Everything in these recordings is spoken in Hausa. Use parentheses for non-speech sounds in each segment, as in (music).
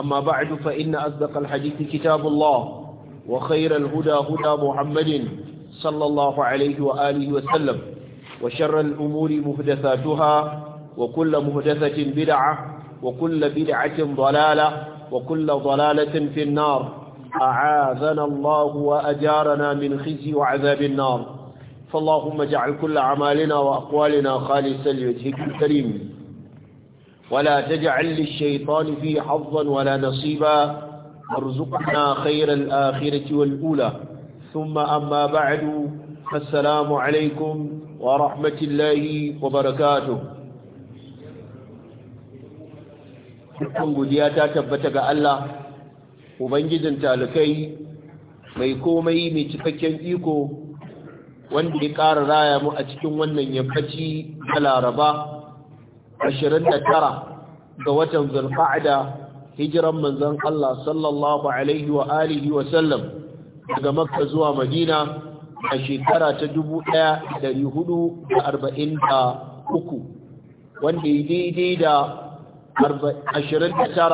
أما بعد فإن أصدق الحديث كتاب الله وخير الهدى هدى محمد صلى الله عليه وآله وسلم وشر الأمور مهدثاتها وكل مهدثة بدعة وكل بدعة ضلالة وكل ضلالة في النار أعاذنا الله وأجارنا من خزي وعذاب النار فاللهم اجعل كل عمالنا وأقوالنا خالصا لوجهك الكريم ولا تجعل للشيطان فيه حظا ولا نصيبا وارزقنا خير الآخرة والأولى ثم أما بعد فالسلام عليكم ورحمة الله وبركاته dukkan godiya ta tabbata ga Allah ubangijin talakai mai komai mai cikakken iko wanda ya ƙara raya mu a cikin wannan yammaci da laraba 29 ga watan zulqa'da hijiran manzon Allah sallallahu alaihi wa alihi wa sallam daga makka zuwa madina a shekara ta 1443 wanda ya daidai da 29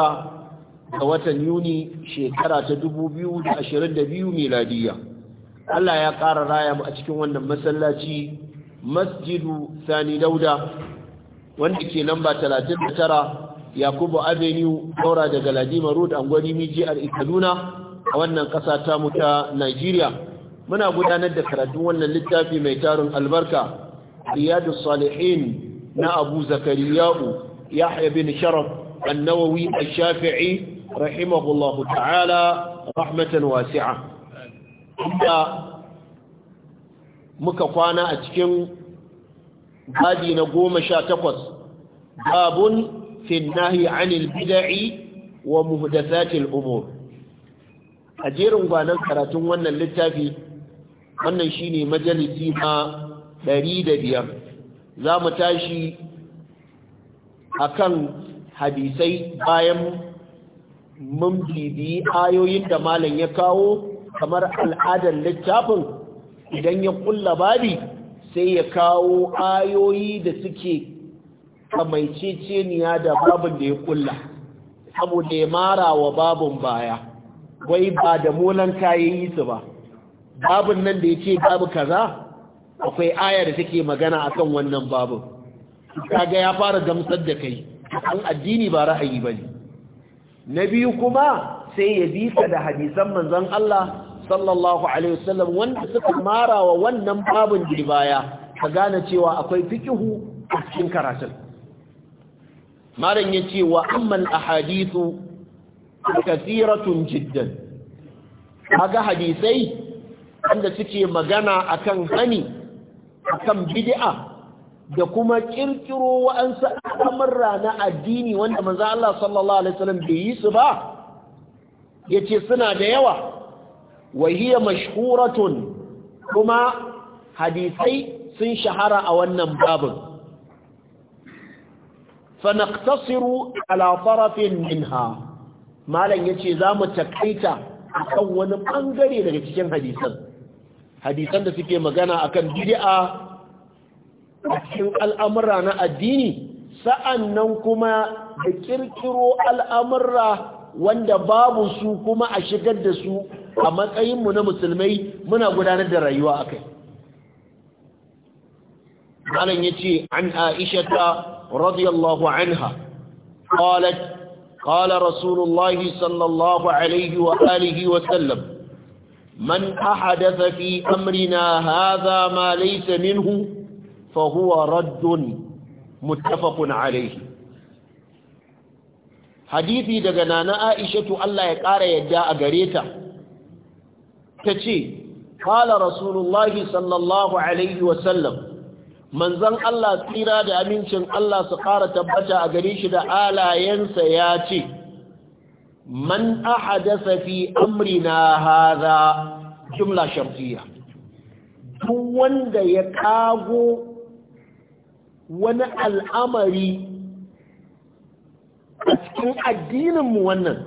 ga watan yuni shekara ta 2022 miladiya Allah ya ƙara raya mu a cikin wannan masallaci masjidu sani dauda wanda ke namba 39 yakubu avenue daura daga ladima road angwani miji a kaduna a wannan ƙasa ta mu ta nigeria muna gudanar da karatun wannan littafi mai tarin albarka riyadu salihin na abu zakariya'u yahya bin sharaf annawawi a shafii rahimahullahu ta'ala rahmatan wasi'a inda muka kwana a cikin Badi na goma sha takwas babun fin anil bida'i wa muhdathatil umur a jerin gwanan karatun wannan littafi wannan shine majalisi na ɗari da biyar za mu tashi akan hadisai bayan mun bibiyi ayoyin da malam ya kawo kamar al'adar littafin idan ya kulla babi sai ya kawo ayoyi da suke kamaiceceniya da babin da ya kulla saboda ya mara wa babin baya wai ba da molan kayan yi su ba babin nan da ya ce babu kaza akwai aya da take magana akan wannan babin kaga ya fara gamsar da kai an addini ba ra'ayi bane na biyu kuma sai ya bisa da hadisan manzon Allah sallallahu alaihi wasallam wanda suka mara wa wannan babin da baya ka gane cewa akwai fikihu a cikin karatun malam yace wa amman ahadithu kathiratun jiddan kaga hadisai wanda suke magana akan hani akan bid'a da kuma kirkiro wa'ansu al'amurra na addini wanda manzo Allah sallallahu alaihi wasallam bai yi su ba yace suna da yawa wa hiya mashhuratun kuma hadisai sun shahara a wannan babin fa naqtasiru ala tarafin minha malam yace zamu takaita akan wani bangare daga cikin hadisan hadisan da suke magana akan bid'a a cikin al'amura na addini sa'annan kuma da kirkiro al'amura wanda babu su kuma a shigar da su a mu na musulmai muna gudanar da rayuwa a kai malam ya ce an aisha ta radiyallahu anha qalat qala rasulullahi sallallahu alaihi wa alihi wa sallam man ahadatha fi amrina hadha ma laysa minhu fa huwa radd muttafaq hadithi daga nana aisha Allah ya kara yadda a gareta ta ce, qala rasulullahi sallallahu alaihi wasallam manzon Allah tsira da amincin Allah su ƙara tabbata a gare shi da alayensa ya ce man safi amri na hadha jumla shartiyya duk wanda ya kago wani al'amari a cikin addininmu wannan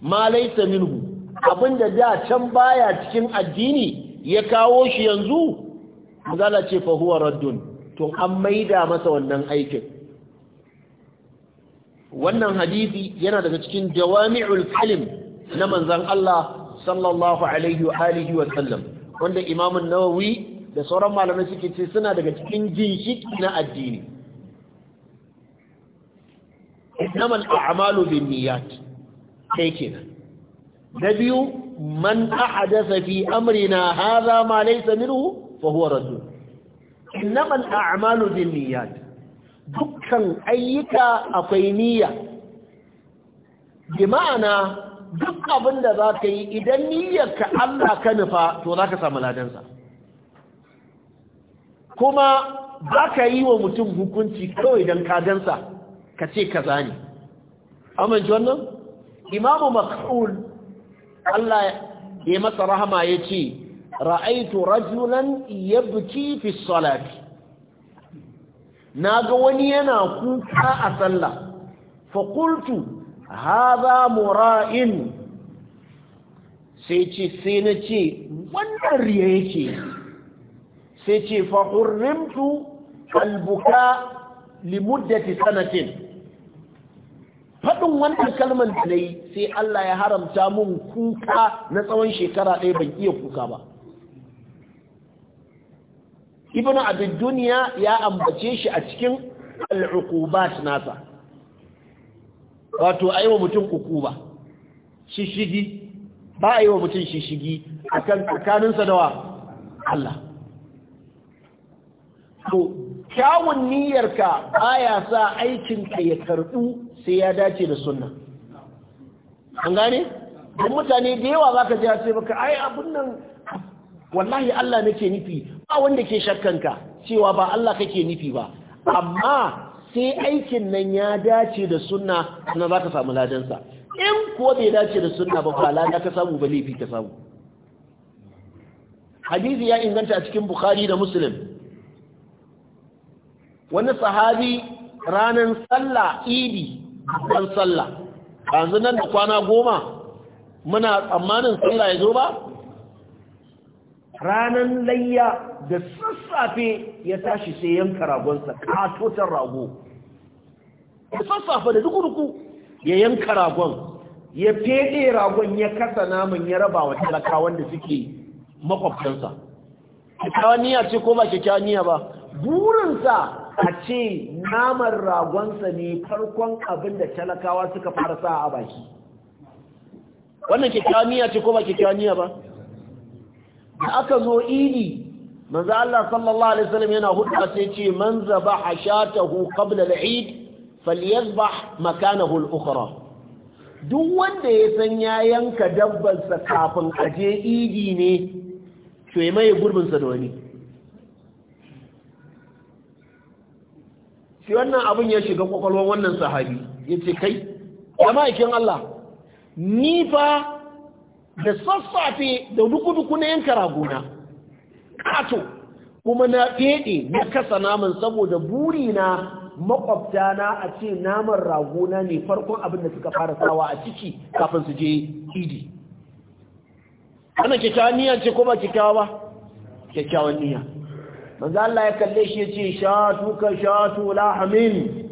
ma laisa minhu abin da da can baya cikin addini ya kawo shi yanzu zala ce fahuwa raddun to an maida masa wannan aikin wannan hadisi yana daga cikin jawami'ul kalim na manzan Allah sallallahu alaihi wa alihi wa sallam wanda Imam nawawi da sauran malamai suke ce suna daga cikin jinshi na addini innamal a'malu niyyat kai kenan na biyu man ahdatha fi amrina hadha ma laisa minhu fa huwa radd innama al-a'malu binniyat dukkan ayyuka akwai niyya bi duk abin da za ka yi idan niyyarka Allah ka nufa to za ka samu ladansa kuma za ka yi wa mutum hukunci kawai don kagansa ka ce ka zane amince wannan imamu mak'ul Allah ya masa rahama ya ce ra'aitu rajulan yabki fi salati ga wani yana kuka a sallah fa qultu mura'in sai ce sai na ce wannan riya yake sai ce fa albuka limuddati sanatin faɗin wannan kalmar da na yi sai Allah ya haramta mun kuka na tsawon shekara ɗaya ban iya kuka ba ibn abid duniya ya ambace shi a cikin al'ukubat nasa wato wa mutum ba, shishigi ba a yi wa mutum shishigi a kan tsakaninsa da wa Allah kyawun niyyarka baya sa aikinka ya karɓu sai ya dace da sunna an gane don mutane da yawa za ka ji sai baka ai abin nan wallahi Allah nake nufi ba wanda ke shakkan ka cewa ba Allah kake nufi ba amma sai aikin nan ya dace da sunna na za ka samu ladansa in kuwa bai dace da sunna ba ba lada ka samu ba laifi ka samu hadisi ya inganta a cikin bukhari da muslim wani sahabi ranar sallah idi ban sallah a nan da kwana goma muna tsammanin sallah ya zo ba ranar layya da sassafe ya tashi sai yanka ragonsa katotar rago da sassafe da duk duku ya yanka ragon ya fede ragon ya kasa namun ya raba wa talakawan da suke makwabtansa kyakkyawan niyya ce ko ba kyakkyawan niyya ba burinsa a ce naman ragonsa ne farkon abin da talakawa suka fara sa a baki wannan kyakkyawan ce ko ba kyakkyawan ba da aka zo idi manzo Allah sallallahu alaihi wasallam yana hudda sai ce man zabaha shatahu qabla al-eid falyazbah makanahu al-ukhra duk wanda ya san ya yanka dabbarsa kafin aje idi ne to ya maye gurbinsa da wani sai wannan abin ya shiga kwakwalwar wannan sahabi ya ce kai ya ma'aikin Allah ni fa da sassafe da duku-duku na yanka ragona kato kuma na feɗe na kasa naman saboda burina makwabta na a ce naman ragona ne farkon abin da suka fara sawa a ciki kafin su je idi ana kyakkyawan niyan ce ko ba kyakkyawa ba kyakkyawan niyan manzo Allah ya kalle shi yace shatu ka shatu lahmin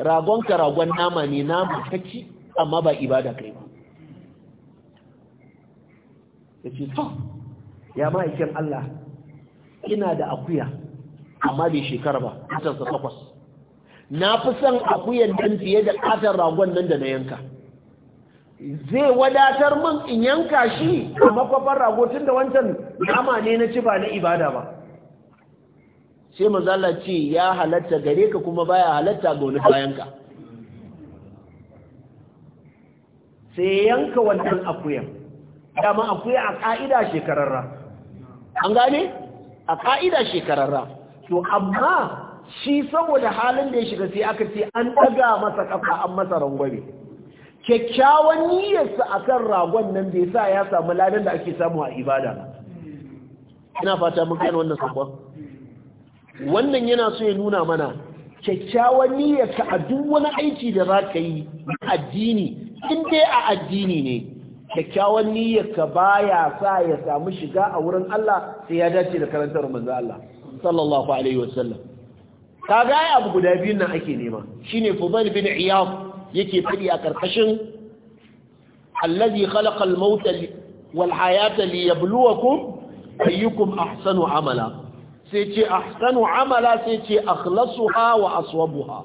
ragon ka ragon nama ne nama kaci amma ba ibada kai ba yace to ya ma ma'aikin Allah ina da akuya amma bai shekara ba katar sa takwas na fi son akuyan nan fiye da katar ragon nan da na yanka zai wadatar min in yanka shi a makwabar rago tun da wancan nama ne na ci ba na ibada ba sai mazala ce ya halatta gare ka kuma baya halatta ga wani bayan ka sai yanka wannan akuyan dama akuya a ka'ida shekararra an gane a ka'ida shekararra to amma shi saboda halin da ya shiga sai aka ce an daga masa kafa an masa rangwame kyakkyawan niyyarsa akan ragon nan bai sa ya samu ladan da ake samu a ibada ina fata mun gane wannan sabon wannan yana so ya nuna mana kyakkyawan niyyarka a duk wani aiki da za ka yi addini in dai a addini ne kyakkyawan niyyarka baya sa ya samu shiga a wurin Allah sai ya dace da karantar manzo Allah sallallahu alaihi wasallam kaga ai abu guda biyu nan ake nema shine Fudail bin Iyad yake fadi a karkashin allazi khalaqa al-maut wal hayata liyabluwakum ayyukum ahsanu amala sai ce ahsanu amala sai ce akhlasuha wa aswabuha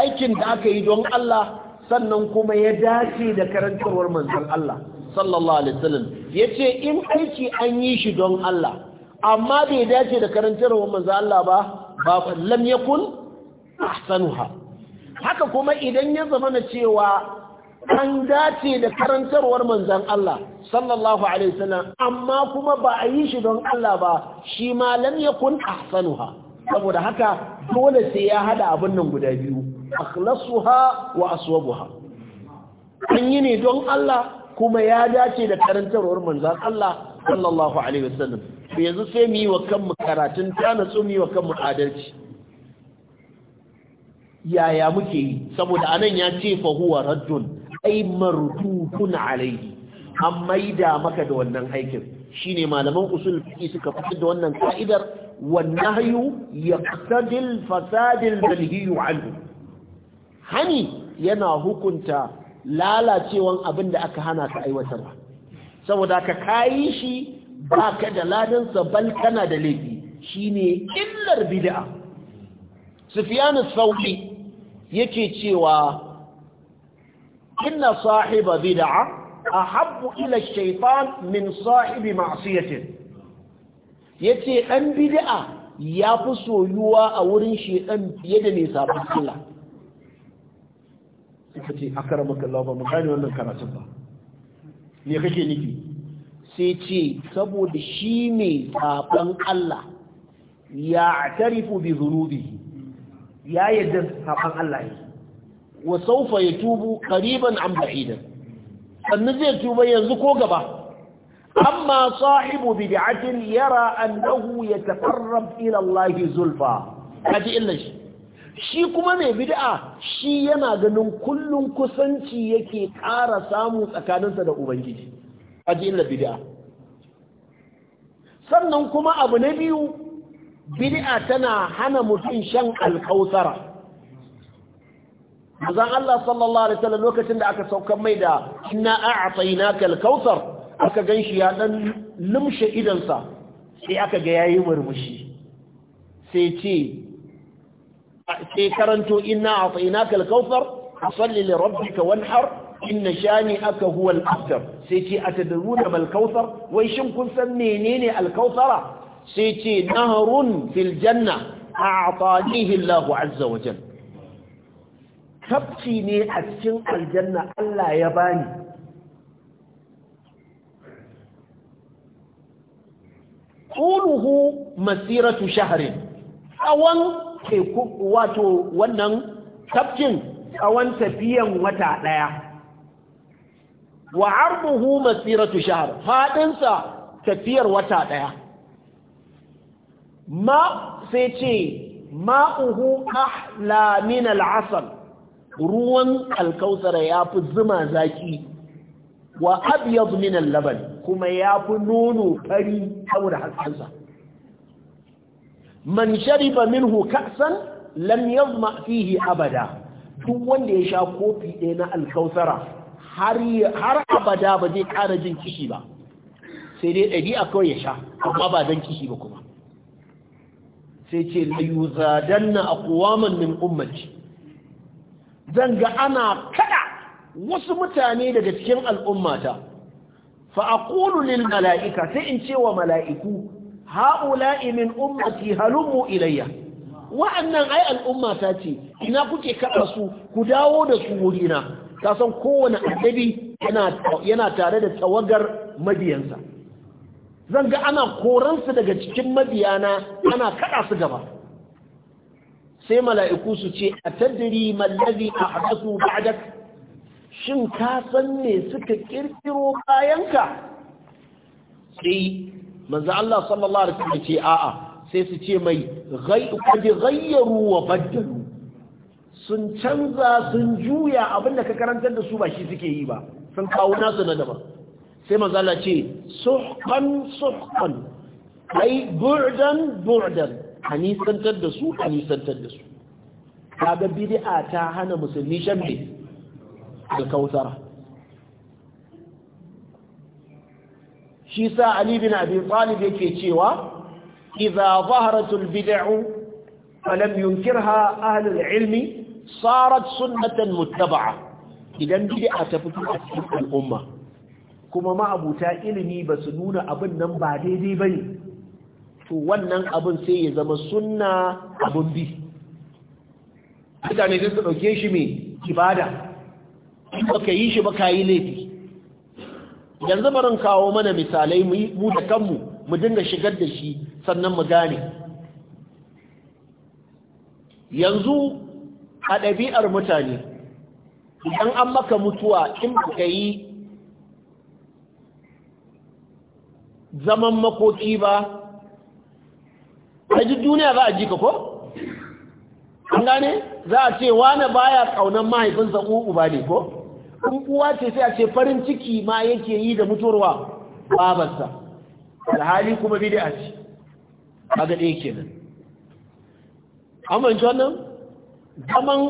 aikin da aka yi don Allah sannan kuma ya dace da karantarwar manzon Allah sallallahu alaihi wasallam yace in aiki an yi shi don Allah amma bai dace da karantarwar manzon Allah ba ba lam yakun ahsanuha haka kuma idan ya zama na cewa an dace da karantarwar manzan Allah sallallahu alaihi wasallam amma kuma ba a yi shi don Allah ba shi ma lam yakun ahsanuha saboda haka dole sai ya hada abin nan guda biyu akhlasuha wa aswabuha an yi ne don Allah kuma ya dace da karantarwar manzan Allah sallallahu alaihi wasallam yanzu sai mu yi wa kanmu karatun ta natsu mu yi wa kanmu adalci yaya muke yi saboda anan ya ce fa huwa raddun ai mardudun alaihi an maida maka da wannan aikin shine malaman usul fiqi suka fitar da wannan ka'idar wannahyu nahyu yaqtadi al fasad hani yana hukunta lalacewan abin da aka hana ka aiwatarwa saboda ka kayi shi baka da ladansa bal kana da laifi shine illar bid'a Sufyan al yake cewa inna sahiba bid'a ahabbu ila shaytan min sahibi ma'siyatin yace dan bid'a ya fi soyuwa a wurin shedan fiye da mai sabon Allah suka ce akaramaka Allah ba mu gane wannan karatun ba me kake nufi sai ce saboda shi ne sabon Allah ya tarifu bi zunubi ya yadda sabon Allah ne wa saufa ya tubu ƙariban an ba'idan sannan zai tuba yanzu ko gaba amma sahibu bid'atin yara annahu yataqarrab ila Allah zulfa kaji illa shi shi kuma mai bid'a shi yana ganin kullun kusanci yake ƙara samu tsakaninsa da ubangiji kaji illa bid'a sannan kuma abu na biyu bid'a tana hana mutum shan alkausara manzon Allah sallallahu alaihi wasallam lokacin da aka saukan mai da inna a'tainaka al-kautsar aka ganshi ya dan lumshe idansa sai aka ga yayi murmushi sai ce sai karanto inna a'tainaka al-kautsar fasalli li rabbika wanhar inna aka huwa al-afdar sai ce atadruna mal kautsar wai shin kun san menene al-kautsara sai ce nahrun fil janna a'tanihi Allah azza wa jalla Tabci ne a cikin aljanna Allah ya bani tsuluhu masiratu shaharin tsawon teku wato wannan tafcin tsawon tafiyan wata ɗaya wa arduhu masiratu shahr haɗinsa tafiyar wata ɗaya. ma sai ce ma'uhu ahla min al'asal ruwan alkausara ya fi zuma zaki wa abiyar minan laban kuma ya fi nono fari saboda haskensa man sharifa minhu ka'san lam yazma fihi abada duk wanda ya sha kofi ɗaya na alkausara har abada ba zai ƙara jin kishi ba sai dai ɗari a kawai ya sha amma ba don kishi ba kuma sai ce la a aqwaman min umarci. zan ga ana kada wasu mutane daga cikin al'ummata fa aqulu lil mala'ika sai in ce wa mala'iku ha'ula'i min ummati halummu ilayya wa'annan ai al'ummata ce ina kuke kaɗa su ku dawo da su wurina ka san kowane addabi yana tare da tawagar mabiyansa zan ga ana koransu daga cikin mabiyana ana kada su gaba sai mala'iku su ce a tadiri mallazi a haɗasu ba'adak shin ka san me suka ƙirƙiro bayanka sai manzo Allah sallallahu alaihi wasallam ce a'a sai su ce mai qad ghayyaru wa baddalu sun canza sun juya abinda ka karantar da su ba shi suke yi ba sun kawo nasu na daban sai manzo Allah ce suhqan suhqan ai bu'dan a nisantar da su a nisantar da su kaga bid'a ta hana musulmi shan da alkautar shi sa ali bin abi talib yake cewa idza zaharatul bid'u falam yunkirha ahlul ilmi sarat sunnatan muttaba'a idan bid'a ta fito a cikin al'umma kuma ma'abuta ilimi ba su nuna abin nan ba daidai bane to wannan abin sai ya zama sunna abin bi mutane sun ɗauke shi mai ibada in baka yi shi ba ka yi laifi yanzu barin kawo mana misalai mu da kanmu mu dinga shigar da shi sannan mu gane yanzu a ɗabi'ar mutane idan an maka mutuwa in baka yi zaman makoki ba aji duniya za a ji ka ko an gane za a ce wane baya kaunan mahaifinsa uku uba ne ko kun uwa ce sai a ce farin ciki ma yake yi da mutuwarwa babarsa alhali kuma bid'a ce a ɗaya kenan nan manci wannan zaman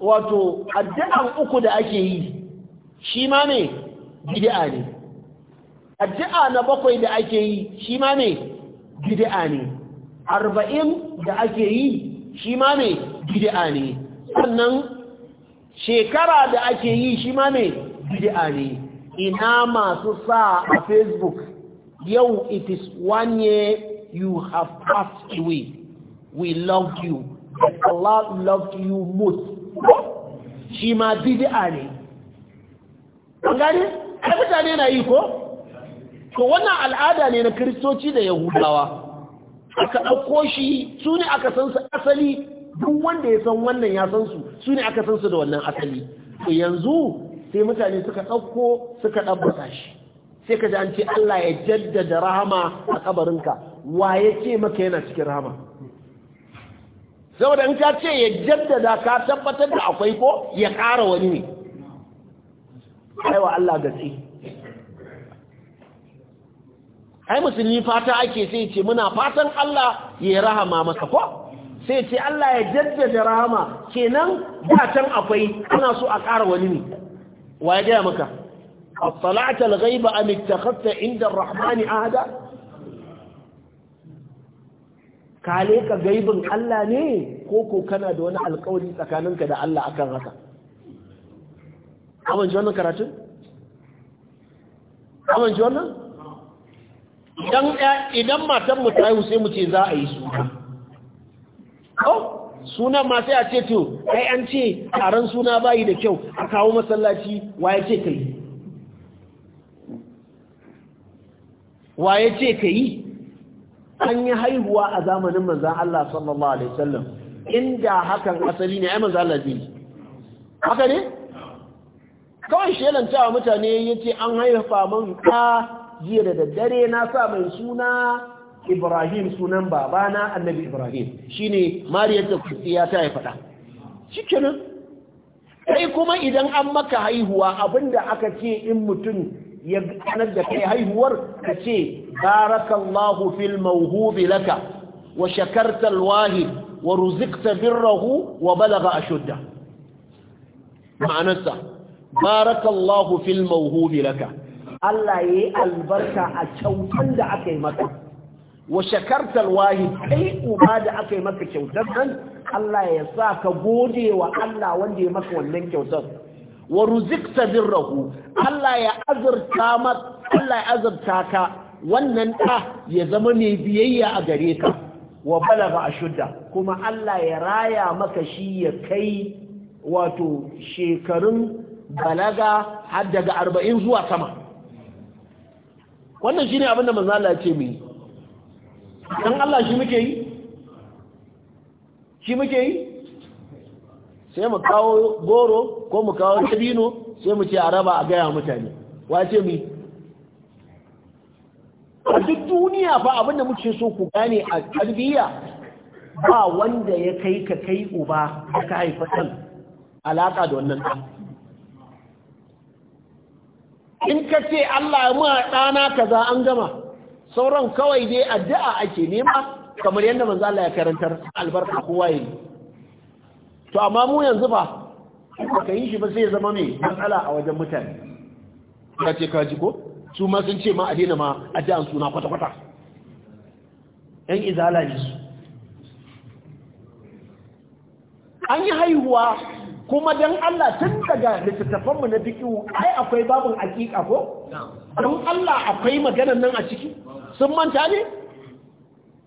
wato addu'an uku da ake yi shi ma ne gida ne addu'a na bakwai da ake yi shi ma ne gida ne arba'in da ake yi shi ma mai bid'a ne sannan shekara da ake yi shi ma mai bid'a ne ina masu sa a facebook yau it is one year you have passed away we love you Allah loved you most shi ma bid'a ne an gane ai mutane na yi ko to wannan al'ada ne na Kiristoci da yahudawa aka ɗauko shi su ne aka san su asali duk wanda ya san wannan ya san su su ne aka san su da wannan asali to yanzu sai mutane suka ɗauko suka ɗabbata shi sai ka ji an ce Allah ya jaddada rahama a kabarinka wa ya ce maka yana cikin rahama saboda in ka ce ya jaddada ka tabbatar da akwai ko ya ƙara wani ne aiwa Allah gatsi ai musulmi fata ake sai ce muna fatan Allah ya rahama masa ko sai ce Allah ya jaddada rahama kenan da can akwai ana so a ƙara wani ne wa ya gaya maka اطلعت الغيب أم اتخذت عند الرحمن عهدا kale ka gaibin Allah ne ko ko kana da wani alƙawari tsakaninka da Allah akan haka Abin wannan karatun Abin wannan idan idan matan mu ta haihu sai mu ce za a yi suna Kau suna ma sai a ce to kai an ce taron suna bayi da kyau a kawo masallaci ya ce kai ya ce kai an yi haihuwa a zamanin manzan Allah sallallahu alaihi wasallam inda hakan asali ne ai manzan Allah zai haka ne kawai wa mutane yace an haifa man ka jiya da daddare na sa mai suna Ibrahim sunan babana annabi Ibrahim shine Mariyar ta kusiya ta ya faɗa shikenan kai kuma idan an maka haihuwa abinda aka ce in mutum ya ganar da kai haihuwar ka ce barakallahu fil mawhubi laka wa shakarta alwahid wa ruzikta birrahu wa balaga ashudda ma'anarsa barakallahu fil mawhubi laka Allah ya yi albarka a kyautan da aka yi maka wa shakartar wahi kai uba da aka yi maka kyautar nan Allah ya sa ka gode wa Allah wanda ya maka wannan kyautar wa ruzikta birrahu Allah ya azurta Allah ya azurta ka wannan ɗa ya zama mai biyayya a gare ka wa balaga shudda. kuma Allah ya raya maka shi ya kai wato shekarun balaga har daga arba'in zuwa sama wannan shine abin da manzo ya ce mu yi Allah shi muke yi shi muke yi sai mu kawo goro ko mu kawo dabino sai mu ce a raba a gaya mutane wace mu a duk duniya ba abin da muke so ku gane a tarbiyya ba wanda ya kai ka kai uba ka haifatan ɗan alaƙa da wannan in ka ce Allah ma ɗana kaza an gama sauran kawai dai addu'a ake nema kamar yadda manzo Allah ya karantar albarka kowa yi to amma mu yanzu ba ka yi shi ba sai zama mai matsala a wajen mutane ya ce ka ko su ma sun ce ma a daina ma addu'an suna kwata-kwata yan izala ne su an yi haihuwa kuma dan Allah tun daga littattafanmu na bikiwu ai akwai babin hakika ko? don Allah akwai maganan nan a ciki sun manta ne?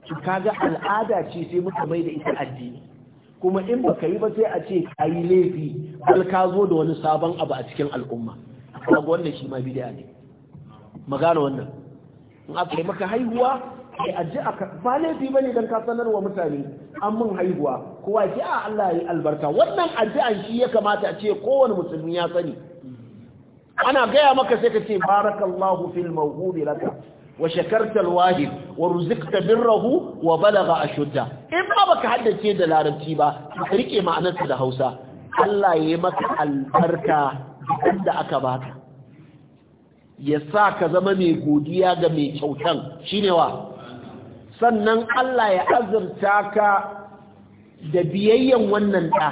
Ki kaga al'ada ce sai muka mai da ita addini kuma in ba ka yi ba sai a ce ka yi laifi al ka zo da wani sabon abu a cikin al'umma kaga wannan shi ma bidiya ne magana wannan in aka yi maka haihuwa sai a ba laifi bane dan ka sanar wa mutane an mun haihuwa kowa ji a ah, Allah ya albarka wannan addu'an shi ya kamata a ce kowane musulmi ya sani ana gaya maka sai ka ce barakallahu fil mawhubi laka wa shakarta alwahib wa ruzqta birrahu wa balagha ashudda in ba baka haddace da larabci ba ka rike ma'anarsa da Hausa Allah ya yi maka albarka da aka baka ya sa ka zama mai godiya ga mai kyautan shine wa sannan Allah ya azurta ka da biyayyan wannan ɗa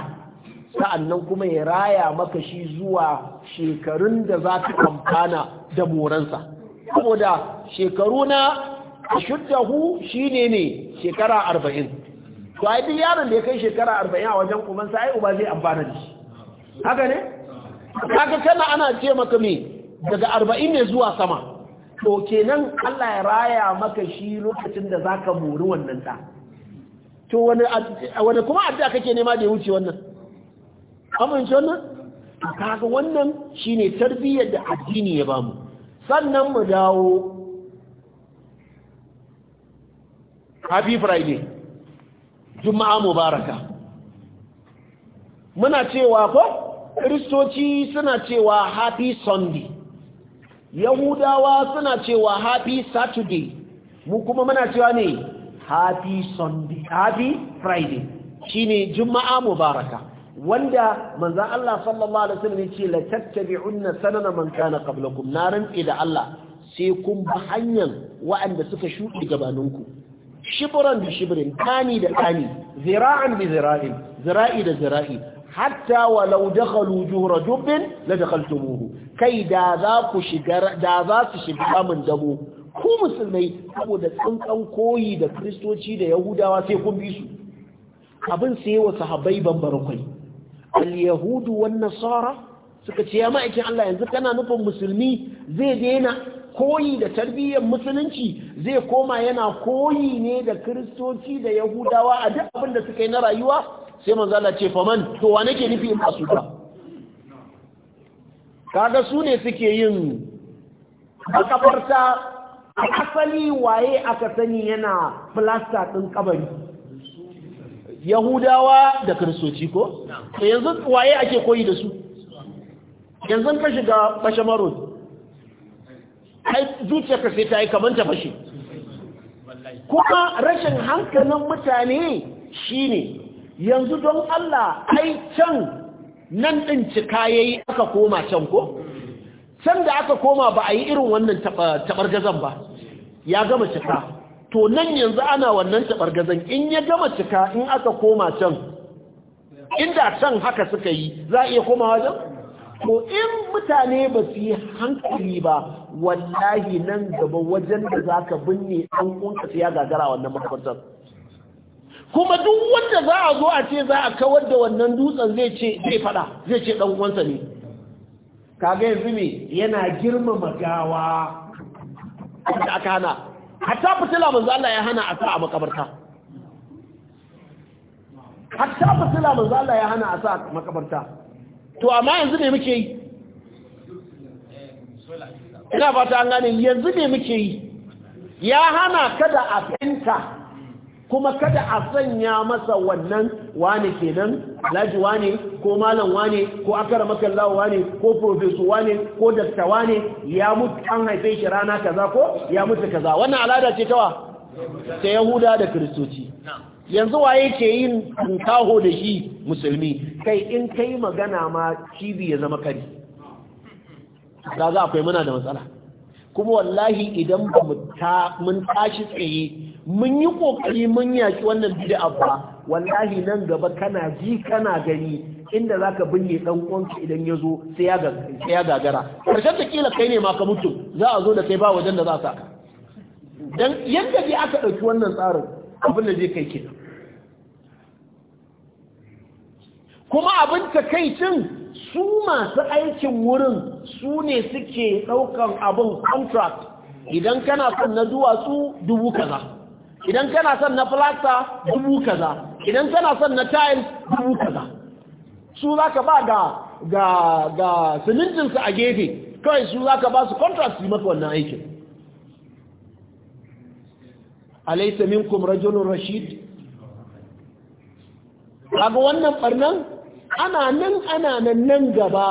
sa'annan kuma ya raya maka shi zuwa shekarun da za ka amfana da moransa saboda shekaru na shuddahu shi ne ne shekara arba'in to a duk yaron da ya kai shekara arba'in a wajen kumansa ai uba zai amfana da shi haka ne? haka kana ana ce maka me daga arba'in ne zuwa sama to kenan Allah ya raya maka shi lokacin da zaka mori wannan da to wani wani kuma addu'a kake nema da ya wuce wannan shi wannan kaga wannan shine tarbiyyar da addini ya bamu sannan mu dawo happy friday juma'a mubaraka muna cewa ko kristoci suna cewa happy sunday yahudawa suna cewa happy saturday mu kuma muna cewa ne happy sunday happy friday shine juma'a mubaraka wanda manzon Allah sallallahu alaihi wasallam yace la tattabi'unna sanana man kana na naran da Allah sai kun bi hanyar waɗanda suka shuɗe gabaninku shibiran da shibirin tani da tani zira'an zira'in zira'i da zira'i hatta walau dakhalu juhra jubbin la dakhaltumuhu kai da za ku shiga da za su shiga kamun dabo ku musulmai saboda tsinkan koyi da kristoci da yahudawa sai kun bi su abin sai wa sahabbai bambar kai al yahudu wan nasara suka ce ya ma'aikin Allah yanzu kana nufin musulmi zai daina koyi da tarbiyyar musulunci zai koma yana koyi ne da kristoci da yahudawa a duk abin da suka yi na rayuwa sai manzo Allah ce faman to wa nake nufi in asuka kaga su ne suke yin a kafarta asali waye aka sani yana plaster ɗin kabari yahudawa da kristoci ko yanzu waye ake koyi da su yanzu ka shiga bashe maro zuciya ka sai ta yi kamar ta fashe kuma rashin hankalin mutane shine yanzu don Allah ai can nan ɗin cika ya yi aka koma can ko? can da aka koma ba a yi irin wannan taɓargazan ba ya gama cika to nan yanzu ana wannan taɓargazan in ya gama cika in aka koma can inda can haka suka yi za a iya koma wajen? to in mutane ba su yi hankali ba wallahi nan gaba wajen da za ka binne ɗan ƙunka su ya gagara wannan makwantar kuma duk wanda za a zo a ce za a kawar da wannan dutsen zai ce zai fada zai ce dan uwansa ne kaga yanzu me yana girmama magawa da aka hana hatta fitila manzo Allah ya hana a sa a makabarta hatta fitila manzo Allah ya hana a sa a makabarta to amma yanzu ne muke yi ina fata an gane yanzu ne muke yi ya hana kada a fenta kuma kada a sanya masa wannan wane kenan laji wani ko malam wani ko akara makallawa wani ko profesor wani ko dakta wani ya mutu an haife shi rana kaza ko ya mutu kaza wannan al'ada ce tawa ta yahuda da kiristoci yanzu waye ke yin tunkaho da shi musulmi kai in kai magana ma cibi ya zama kari kaza akwai muna da matsala kuma wallahi idan ba mun tashi tsaye mun yi kokari mun yaki wannan bid'a ba wallahi nan gaba kana ji kana gani inda zaka binne dan uwanka idan ya zo sai ya gagara karshen da kila kai ne maka ka mutu za a zo da kai ba wajen da za ka dan yadda dai aka ɗauki wannan tsarin abin da zai kai kenan kuma abin takaicin su masu aikin wurin su ne suke daukan abin contract idan kana son na duwatsu dubu kaza idan kana son na plaster dubu kaza idan kana son na tile dubu kaza su za ka ba ga ga ga simintinsu a gefe kawai su za ka ba su contract su maka wannan aikin alaisa minkum rajulun rashid ga wannan barnan ana nan ana nan nan gaba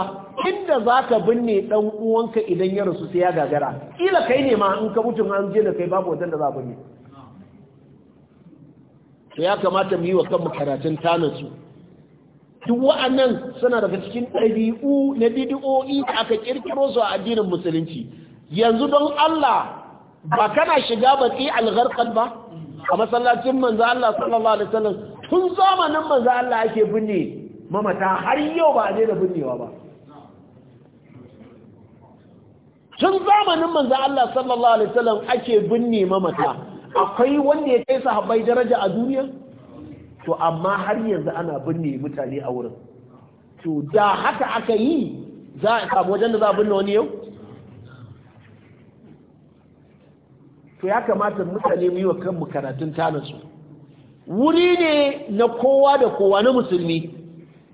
inda za ka binne ɗan uwanka idan ya rasu sai ya gagara ƙila kai ne ma in ka mutum an je da kai babu wadanda za a binne to ya kamata mu yi wa kanmu karatun tanansu duk wa'annan suna daga cikin ɗabi'u na bidiyo'i da aka kirkiro su a addinin musulunci yanzu don Allah ba kana shiga ba ke algharqad ba a masallacin manzo Allah sallallahu alaihi wasallam tun zamanin manzo Allah ake binne mamata har yau ba a daina binnewa ba tun zamanin manzo Allah sallallahu alaihi wasallam ake binne mamata akwai wanda ya kai sahabbai daraja a duniya to amma har yanzu ana binne mutane a wurin to da haka aka yi za a samu wajen da za a binne wani yau to ya kamata mutane mu yi wa kanmu karatun tanansu wuri ne na kowa da kowa na musulmi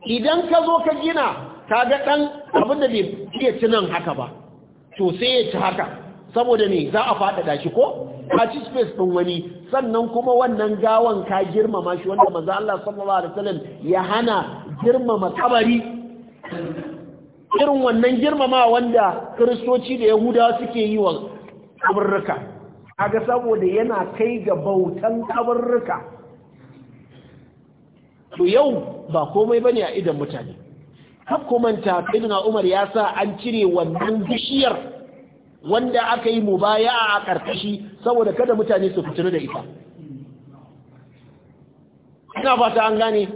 idan ka zo ka gina ka ga ɗan abin da bai iya cinan haka ba to sai ya ci haka saboda ne za a faɗaɗa shi ko a ci space ɗin wani sannan kuma wannan gawan ka girmama shi wanda maza Allah sallallahu alaihi wasallam ya hana girmama kabari irin wannan girmama wanda kiristoci da yahudawa suke yi wa kabarruka kaga saboda yana kai ga bautan kabarruka to yau ba komai bane a idan mutane har kuma na Umar ya sa an cire wannan bishiyar wanda aka yi baya a karkashi saboda kada mutane su fitinu da ita ina fata an gane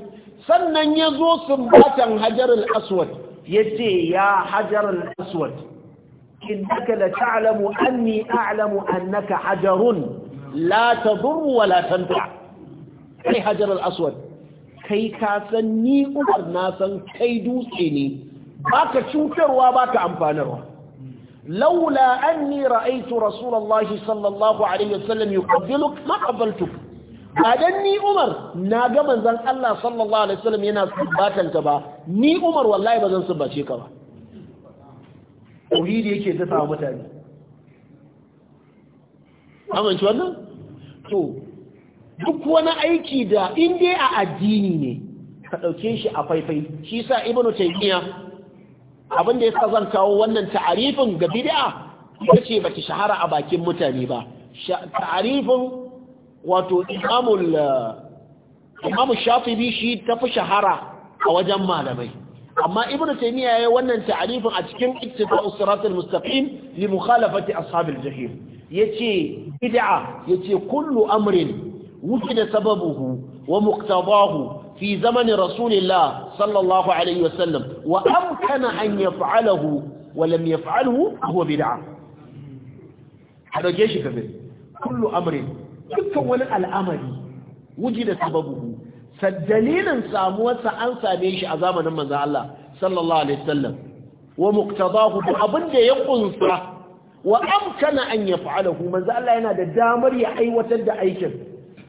sannan ya zo sumbatan hajarul aswad ya ce ya hajarul aswad innaka alamu an anni a'lamu annaka hajarun la tadur wa kai hajarul aswad kai ka san ni umar na san kai dutse ne baka cutarwa baka amfanarwa لولا أني رأيت رسول الله صلى الله عليه وسلم يقبلك ما قبلتك أدني عمر ناقما زن الله صلى الله عليه وسلم ينا سباتا كبا ني عمر والله بزن سباتي كبا أريد يكي تسعى متاني أما انت وانا تو duk wani aiki da in dai a addini ne ka ɗauke shi a faifai shi sa ibnu taymiya abin da yasa zan kawo wannan ta'arifin ga bid'a yace bata shahara a bakin mutane ba ta'arifin wato imamul eh, imamu shafi'i shi tafi shahara a wajen malamai amma ibnu taymiya yi wannan ta'arifin a cikin ittifa'us siratal mustaqim li mukhalafati ashabil jahim yace bid'a yace kullu amrin da sababuhu wa muqtadahu في زمن رسول الله صلى الله عليه وسلم وأمكن أن يفعله ولم يفعله هو بدعة هذا جيش كبير كل أمر كل الأمر وجد سببه فالدليل ساموة أنسى بيش أزامنا من ذا الله صلى الله عليه وسلم ومقتضاه بأبن يقنص وأمكن أن يفعله من ذا الله ينادى دامر يأي وتد أيشن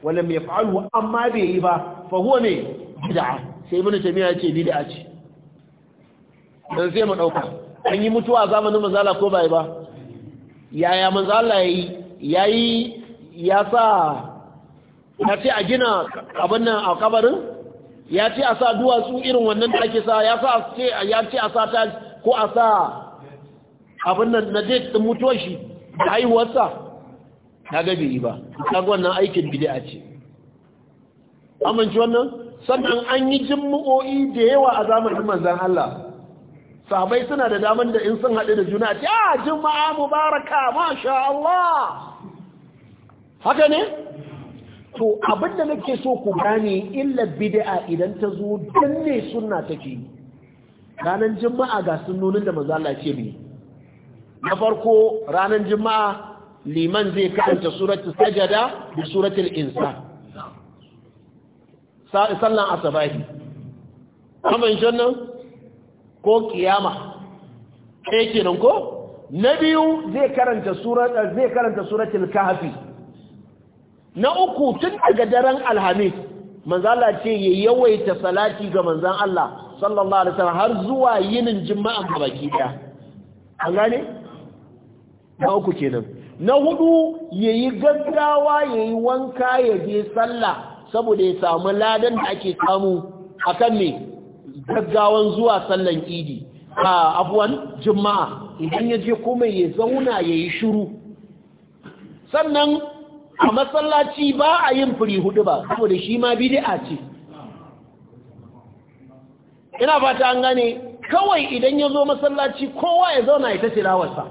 ولم يفعله أما به با fa huwa ne bid'a sai ibnu tamiya ya ce bid'a ce dan sai mu dauka an yi mutuwa a zamanin manzo Allah ko bai ba yaya manzo Allah yayi yayi ya sa ya ce a gina abin nan a kabarin ya ce a sa duwatsu irin wannan da ake sa ya sa ya ce a sa ta ko a sa abin nan na je din mutuwa shi haihuwarsa ta gabe ba kaga wannan aikin bid'a ce amince wannan sannan an yi jimmu'o'i da yawa a zamanin manzan Allah sahabai suna da damar da in sun haɗu da juna ce a ah, jima'a mubaraka masha Allah haka ne to abinda nake so ku gane illa bida'a idan ta zo dan ne sunna take ranar jima'a ga sunnonin da manzan Allah ce na farko ranar jima'a liman zai karanta suratul sajada da suratul insa. sallan asabahi kaman shannan ko kiyama ɗaya kenan ko na biyu zai karanta sura eh, zai karanta suratul kahfi na uku tun daga daren alhamis manzala ce ya yawaita salati ga manzan Allah sallallahu alaihi wasallam har zuwa yinin juma'a ga baki daya an gane na uku kenan na hudu yayi gaggawa yayi wanka ya je sallah saboda ya samu ladan da ake samu kan ne gaggawan zuwa sallan idi a abuwan juma'a idan ya je kuma ya zauna ya yi shuru sannan a masallaci ba a yin firi hudu ba saboda shi ma a ce ina fata an gane kawai idan ya zo masallaci kowa ya zauna ya ta tilawarsa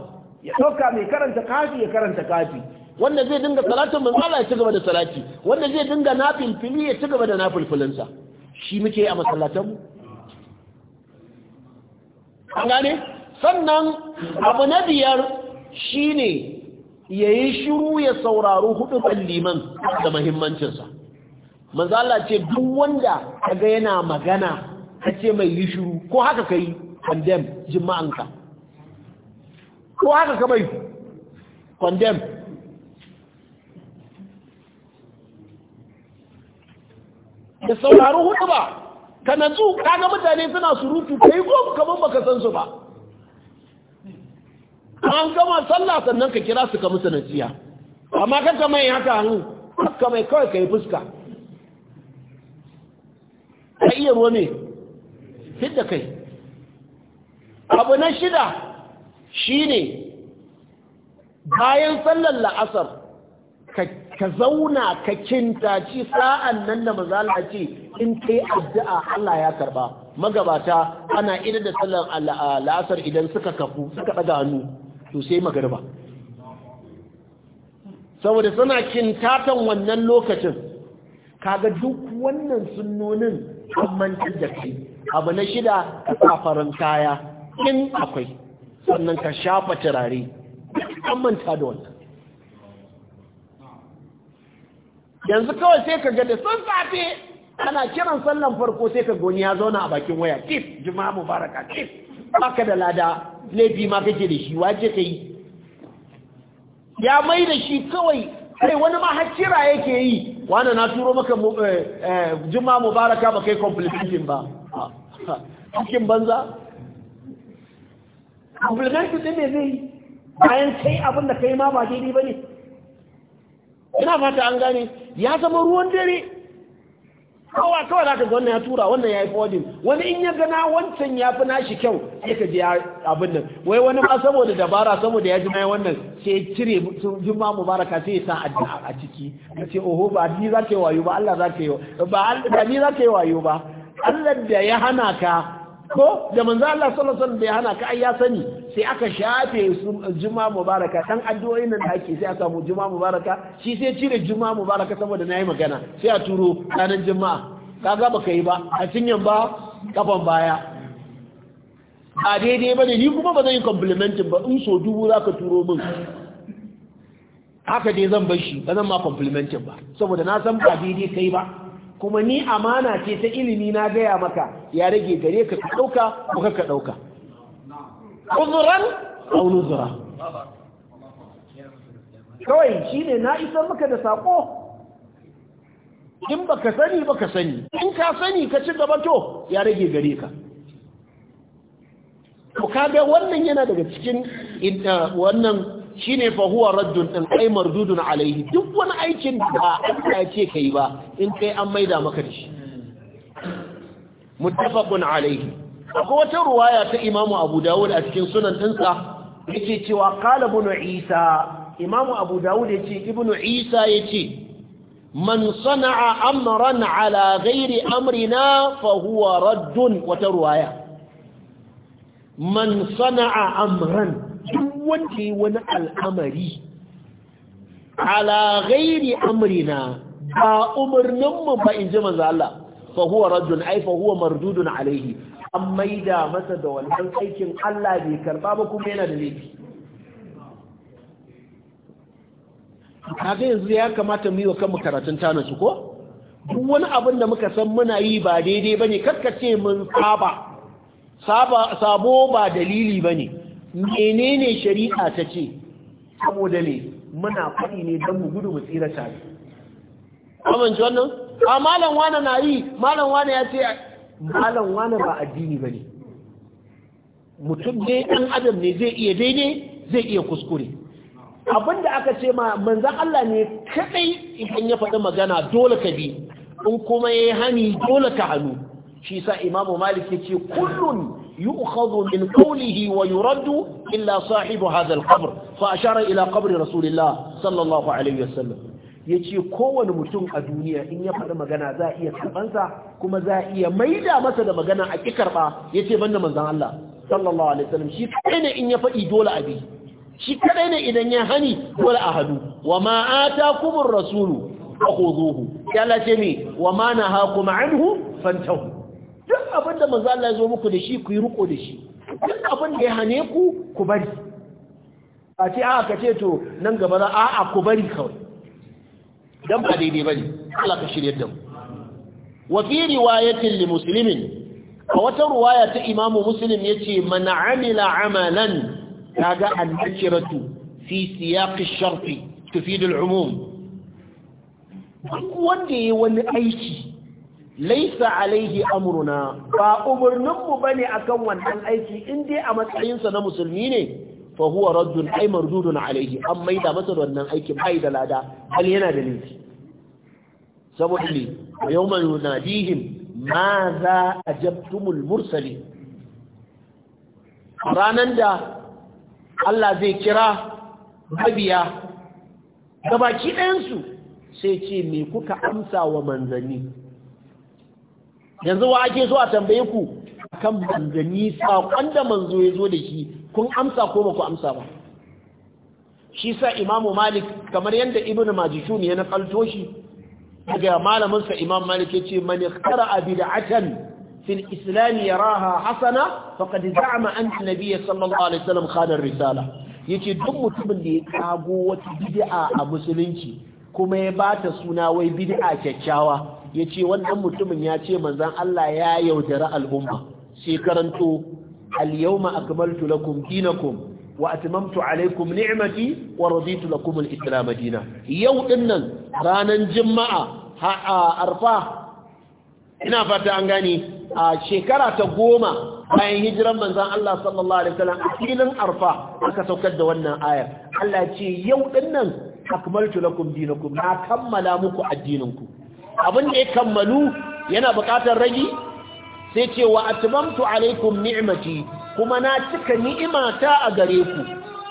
ya ɗauka mai karanta kafi ya karanta kafi wanda zai dinga salatin manzo Allah ya ci gaba da salati wanda zai dinga nafilfili ya ci gaba da nafilfilinsa shi muke a masallatan mu an gane sannan abu na biyar shine yayi shiru ya sauraro hudu kalliman da muhimmancinsa manzo Allah ce duk wanda kaga yana magana kace mai yi shiru ko haka kai condemn jima'anka ko haka ka condemn da sauraro hudu ba ka natsu kaga mutane suna surutu ka yi gobe kamar baka san su ba an gama sallah sannan ka kira su ka musu nasiya amma kanka mai haka hannu haka mai kawai ka yi fuska ka iya ruwa ne fit da kai abu na shida shi ne. bayan sallar la'asar ka ka zauna ka kintaci sa'an nan da mazala ce in kai addu'a Allah ya karba magabata ana ina da sallar al'asar idan suka kafu suka daga hannu to sai magarba saboda suna kintatan wannan lokacin kaga duk wannan sunnonin an mantar da kai abu na shida ka safarin kaya in akwai sannan ka shafa turare an manta da wannan yanzu kawai sai ka gada sun safe ana kiran sallan farko sai ka goni ya zauna a bakin waya kif juma'a mubaraka kif baka da lada laifi ma kake da shi wace ka yi ya mai da shi kawai kai wani ma har yake yi wani na turo maka eh, eh, juma'a mubaraka ba kai complimentin ba cikin ah, ah, banza complimentin ne zai bayan kai abin da kai ma ba daidai ba ne ina fata an gane ya zama ruwan dare kowa kawai za ka ga wannan ya tura wannan ya yi fodin wani in ya gana wancan ya fi nashi kyau ya ka je abin nan wai wani ma saboda dabara saboda ya ji mai wannan sai ya cire juma mubaraka sai ya sa a ciki ya ce oho ba ni za ka yi wayo ba Allah ni za ka yi wayo ba Allah da ya hana ka ko da manzo Allah sallallahu alaihi wasallam bai hana ka ai ya sani sai aka shafe juma'a mubaraka dan addu'o'in nan da ake sai aka mu juma'a mubaraka shi sai cire juma'a mubaraka saboda nayi magana sai a turo ranar juma'a kaga baka yi ba a cinyan ba kafan baya a daidai ba ne ni kuma ba zan yi complimentin ba in so dubu za ka turo min haka dai zan bar shi ba zan ma complimentin ba saboda na san ba daidai kai ba kuma ni amana ce ta ilimi na gaya maka ya rage gare ka ɗauka ko ka ɗauka uzuran au zura. kawai shine na isar maka da sako in baka sani baka sani in ka sani ka ci gaba to ya rage gare ka to kaga wannan yana daga cikin uh, wannan shine ne huwa raddun din ai mardudun alaihi duk wani aikin da aka ya ce kai ba in kai an maida maka da shi muttafaqun alaihi akwai wata ruwaya ta Imam Abu Dawud a cikin sunan dinsa ce cewa qala bunu Isa Imam Abu Dawud yace ibn Isa yace man sana'a amran ala ghairi amrina fa huwa raddun wata ruwaya man sana'a amran wanda yi wani al'amari ala gairi amrina ba umarninmu ba in ji mazala Allah fa ai alaihi an maida masa da wannan aikin Allah bai karba ba kuma yana da laifi kaga yanzu ya kamata mu yi wa kanmu karatun tana ko duk wani abin da muka san muna yi ba daidai bane karkace mun saba sabo ba dalili bane menene shari'a ta ce saboda ne muna faɗi ne don mu gudu mu tsira tare amince wannan a malam wane na yi malam wane ya ce malam wane ba addini ba ne mutum ne ɗan adam ne zai iya daidai zai iya kuskure abinda aka ce ma manzan Allah ne kaɗai idan ya faɗi magana dole ka bi in kuma ya yi hani dole ka hannu shi sa imamu malik ya ce kullum يؤخذ من قوله ويرد إلا صاحب هذا القبر فأشار إلى قبر رسول الله صلى الله عليه وسلم yace kowane mutum a duniya in ya faɗi magana za iya karɓansa kuma za iya maida masa da magana a ƙi karɓa yace banda manzon Allah sallallahu alaihi wasallam shi kadai ne in ya faɗi dole a shi kadai ne idan ya hani dole a hadu wa ma atakumur rasulu fakhuduhu ya lace ne wa ma nahakum anhu fantahu duk abin da manzo Allah ya zo muku da shi ku yi riko da shi duk abin da ya hane ku ku bari a ce a ka ce to nan gaba za a a ku bari kawai dan ba daidai bane Allah ka shirye da mu wa fi riwayatin li muslimin a wata riwaya ta imamu muslim yace man amila amalan kaga al-nakiratu fi siyaq ash-shart al-umum wanda yayi wani aiki laisa alaihi amruna ba umurninmu bane akan wannan aiki in dai a matsayinsa na musulmi ne fa huwa raddun ay mardudun alaihi an idan masa wannan aiki, bai da lada hal yana da laifi saboda ne yawma yunadihim ma za ajabtumul mursali ranan da Allah zai kira mabiya gabaki ɗayansu sai ce me kuka amsa wa manzanni yanzu wa ake so a tambaye ku kan manzanni saƙon da manzo ya zo da shi kun amsa ko ba ku amsa ba shi sa imamu malik kamar yadda ibn majishun ya nakalto shi daga malaminsa imam malik ya ce mani bid'atan fil islam yaraha hasana faqad za'ama anna nabiyya sallallahu alaihi wasallam khana risala yace duk mutumin da ya kago wata bid'a a musulunci kuma ya bata suna wai bid'a kyakkyawa ya ce wannan mutumin ya ce manzan Allah ya yaudara al'umma sai karanto al-yawma akmaltu lakum dinakum wa atmamtu alaykum ni'mati wa raditu lakum al-islam dinan yau dinnan ranan juma'a a arfa ina fata an gani. a shekara ta goma bayan hijiran manzan Allah sallallahu alaihi wasallam a filin arfa aka saukar da wannan ayar Allah ce yau nan akmaltu lakum dinakum na kammala muku addininku abin da ya kammalu yana buƙatar ragi sai ce wa atmamtu alaikum ni'mati kuma na cika ni'imata a gare ku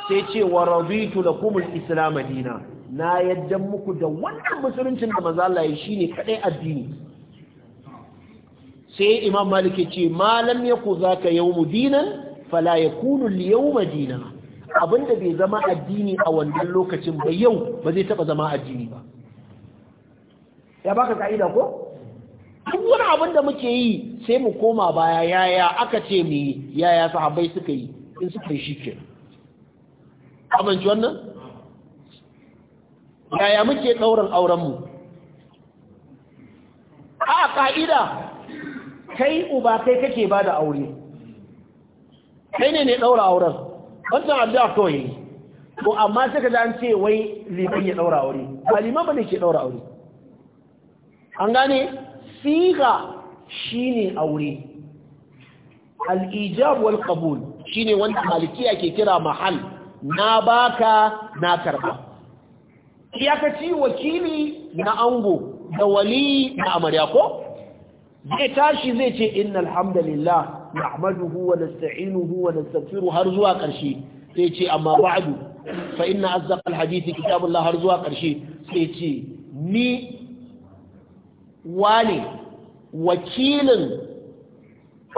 sai ce wa raditu lakum al dinan na yadda muku da wannan musuluncin da manzo Allah ya shine kadai addini sai imam malik ya ce malam yaku zaka yawmu dinan fala yakunu al-yawma dinan abinda bai zama addini a wannan lokacin ba yau ba zai taba zama addini ba ya baka ka'ida ko duk wani abin da muke yi sai mu koma baya yaya aka ce mu yi yaya sahabbai suka yi in suka yi shike abinci wannan yaya muke ɗaurin auren mu a ka'ida kai uba kai kake ba da aure kai ne ne ɗaura auren wancan addu'a kawai ko amma suka da an ce wai liman ya ɗaura aure ba liman ba ne ke ɗaura aure an gane siga shine aure al-ijab wal qabul shine wanda malikiya ke kira mahal na baka na karba kaci wakili na ango da wali na amarya ko zai tashi zai ce innal hamdalillah nahmaduhu wa nasta'inuhu wa nastaghfiru har zuwa karshe sai ce amma ba'du fa inna azzaqal hadithi kitabullah har zuwa karshe sai ce ni wane wakilin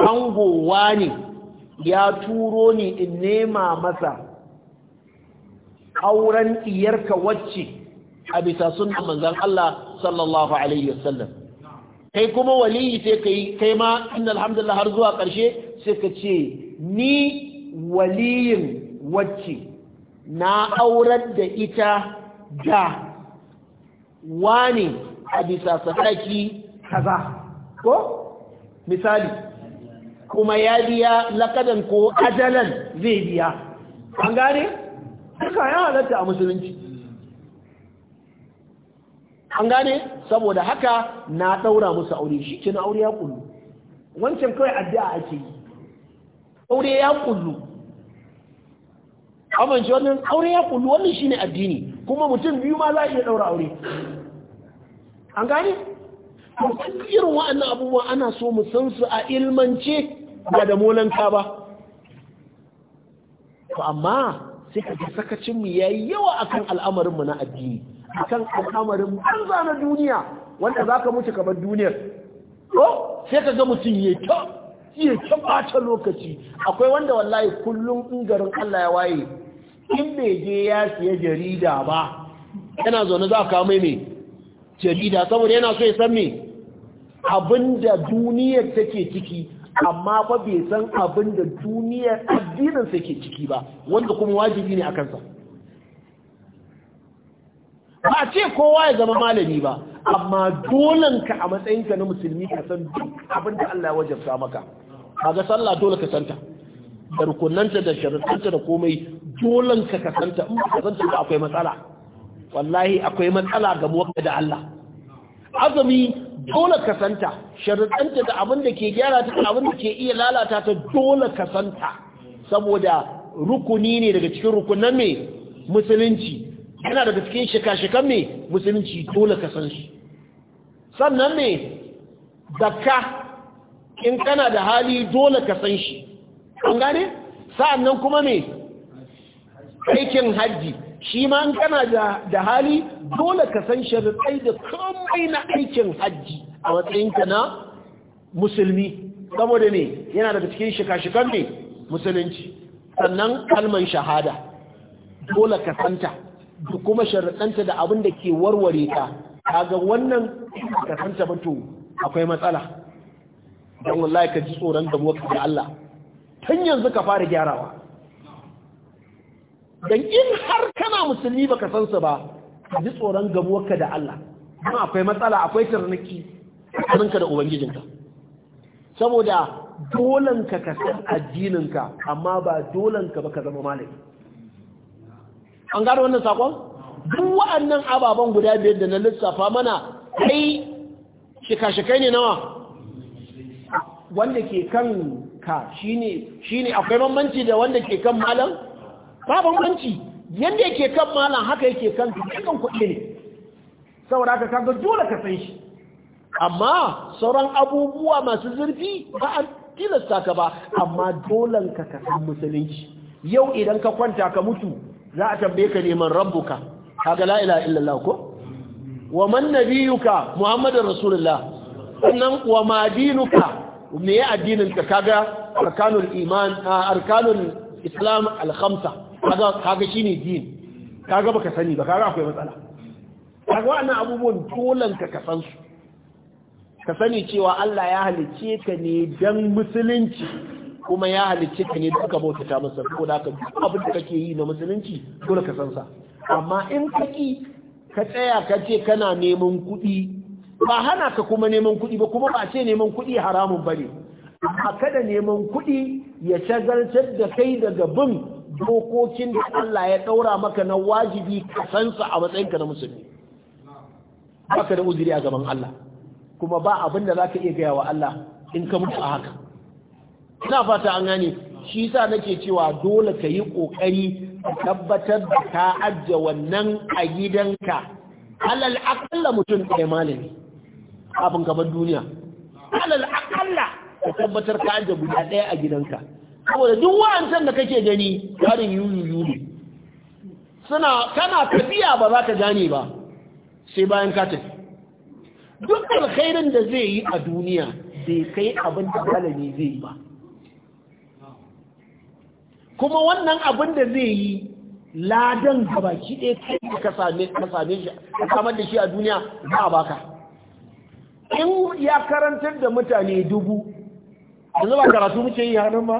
ango wane ya turo ni in nema masa auren iyarka wacce a bisa sunan manzan Allah sallallahu alaihi wasallam kai kuma waliyi sai yi kai ma in alhamdulillah har zuwa ƙarshe sai ka ce ni waliyin wacce na aurar da ita da wani hadisa sahihi kaza ko misali kuma ya biya lakadan ko ajalan zai biya an gane duka ya halatta a musulunci an gane saboda haka na daura musu aure shi ke na aure ya kullu wancan kawai addu'a ake yi aure ya kullu amince wannan aure ya kullu wannan shine addini kuma mutum biyu ma za a iya daura aure an gane irin wa'annan abubuwa ana so mu san su a ilmance ba da molanta ba to amma sai ka sakacin mu yayi yawa akan al'amarin mu na addini akan al'amarin banza na duniya wanda zaka mutu ka bar duniyar to sai ka ga mutum yayi ta iya ta bata lokaci akwai wanda wallahi kullum in garin Allah ya waye in bai je ya siya jarida ba yana zaune za a kawo mai mai jarida saboda yana so ya san me abinda duniyar take ciki amma fa bai san abinda duniyar addinin sa ke ciki ba wanda kuma wajibi ne akan sa ba a ce kowa ya zama malami ba amma dolanka a matsayinka na musulmi ka san duk abinda Allah ya wajabta maka kaga sallah dole ka santa da rukunanta da sharuɗanta da komai dolanka ka santa in ba ka santa ba akwai matsala wallahi akwai matsala ga muwaffa da Allah azumi dole ka santa sharuɗanta da abin da ke gyara ta da abin da ke iya lalata ta dole ka santa saboda rukuni ne daga cikin rukunan mai musulunci yana daga cikin shika-shikan mai musulunci dole ka san shi sannan mai zakka in kana da hali dole ka san shi an gane sa'annan kuma mai aikin hajji shi ma in kana da hali dole ka san sharuɗai da komai na aikin hajji a matsayinka na musulmi saboda ne yana daga cikin shika-shikan ne musulunci sannan kalman shahada dole ka santa da kuma sharuɗanta da abin da ke warware ka kaga wannan ka santa ba akwai matsala don wallahi ka ji tsoron da da Allah tun yanzu ka fara gyarawa dan in har kana musulmi baka san sa ba ka ji tsoron gamuwarka da Allah kuma akwai matsala akwai tarniki tsakaninka da ubangijinka saboda dolanka ka san addininka amma ba dolanka ba ka zama malami an gano wannan sakon duk wa'annan ababen guda biyar da na lissafa mana kai shika-shikai ne nawa wanda ke kan ka shine shine akwai bambanci da wanda ke kan malam ba bambanci yadda yake kan malam haka yake kan dukkan kuɗi ne saboda haka kaga dole ka san shi amma sauran abubuwa masu zurfi ba a tilasta ka ba amma dolan ka ka san musulunci yau idan ka kwanta ka mutu za a tambaye ka neman rabbuka kaga la ilaha illallah ko wa man nabiyuka muhammadur rasulullah sannan wa ma dinuka me addinin ka kaga arkanul iman arkanul islam al khamsa kaga kaga shine din kaga baka sani ba kaga akwai matsala kaga wannan abubuwan dolan ka kasan su ka sani cewa Allah ya halicce ka ne dan musulunci kuma ya halicce ka ne don ka bautata masa ko da ka abin da kake yi na musulunci dole ka san sa amma in kaki ka tsaya ka ce kana neman kuɗi ba hana ka kuma neman kuɗi ba kuma ba ce neman kuɗi haramun bane a kada neman kuɗi ya shagaltar da kai daga bin dokokin da Allah ya ɗaura maka na wajibi ka sansa a matsayinka na musulmi baka da uziri a gaban Allah kuma ba abin da ka iya gaya wa Allah in ka mutu a haka ina fata an gane shi sa nake cewa dole ka yi ƙoƙari ka tabbatar da ka ajiye wannan a gidanka alal aƙalla mutum ɗaya malami abin gaban duniya alal aƙalla ka tabbatar ka ajiye guda ɗaya a gidanka saboda duk can da kake gani yarin yuli-yuli, suna kana tafiya ba za ka gane ba sai bayan ka tafi duk alkhairin da zai yi a duniya bai kai abin da malami zai yi ba kuma wannan abin da zai yi ladan gabaki ɗaya kai ka same shi ka samar da shi a duniya za a baka in ya karantar da mutane dubu yanzu ba karatu muke yi hannun ba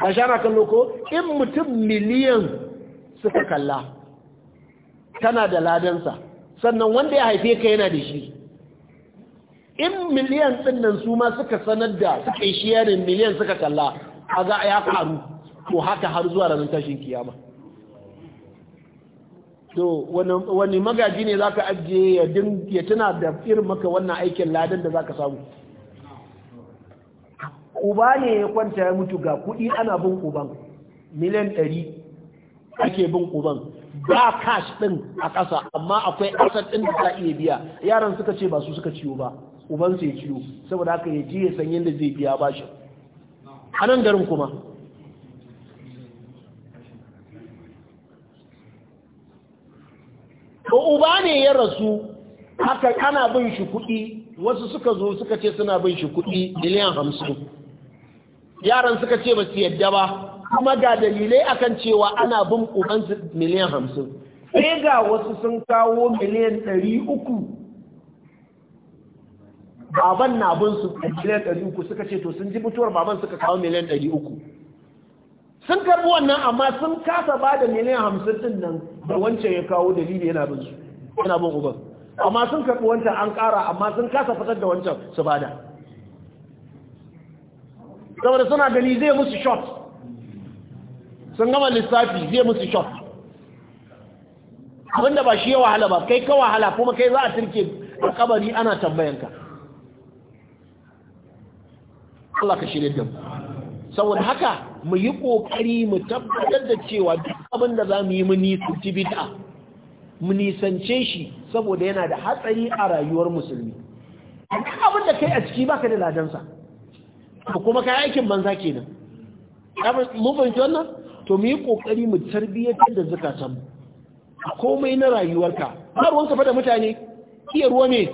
ba shara kallo ko in mutum miliyan suka kalla tana da ladansa sannan wanda ya haife ka yana da shi in miliyan tsinnan su ma suka sanar da suka yi shiyarin miliyan suka kalla a za a ya faru ko haka har zuwa ranar tashin kiyama to wani magaji ne za ka ajiye ya tuna da irin maka wannan aikin ladan da za ka samu uba ne ya kwanta ya mutu ga kuɗi ana bin uban miliyan ɗari ake bin uban ba cash ɗin a ƙasa amma akwai ƙasar ɗin da za iya biya yaran suka ce ba su suka ciyo ba uban sai ciyo saboda haka ya je ya san yadda zai biya ba shi. a nan garin kuma ba uba ne ya rasu haka ana bin shi kuɗi wasu suka zo suka ce suna bin shi kuɗi miliyan hamsin yaran suka ce ba su yadda ba kuma ga dalilai akan cewa ana bin ubansu miliyan hamsin sai ga wasu sun kawo miliyan ɗari uku baban na bin su miliyan ɗari uku suka ce to sun ji mutuwar baban suka kawo miliyan ɗari uku sun karbi wannan amma sun kasa ba da miliyan hamsin din nan da wancan ya kawo dalili yana bin su yana bin uban amma sun karbi wancan an ƙara amma sun kasa fitar da wancan su bada saboda suna gani zai musu shot sun gama lissafi zai musu shot abinda ba shi ya wahala ba kai ka wahala kuma kai za a turke a kabari ana tambayanka Allah ka shirya da saboda haka mu yi kokari mu tabbatar da cewa duk abinda da za mu yi mu nisanci bid'a mu nisance shi saboda yana da hatsari a rayuwar musulmi duk abin da kai a ciki baka da ladansa to kuma kai aikin banza kenan mun fahimci wannan to mu yi kokari mu tarbiyyar da zakatan komai na rayuwarka har wanka fa da mutane iya ruwa ne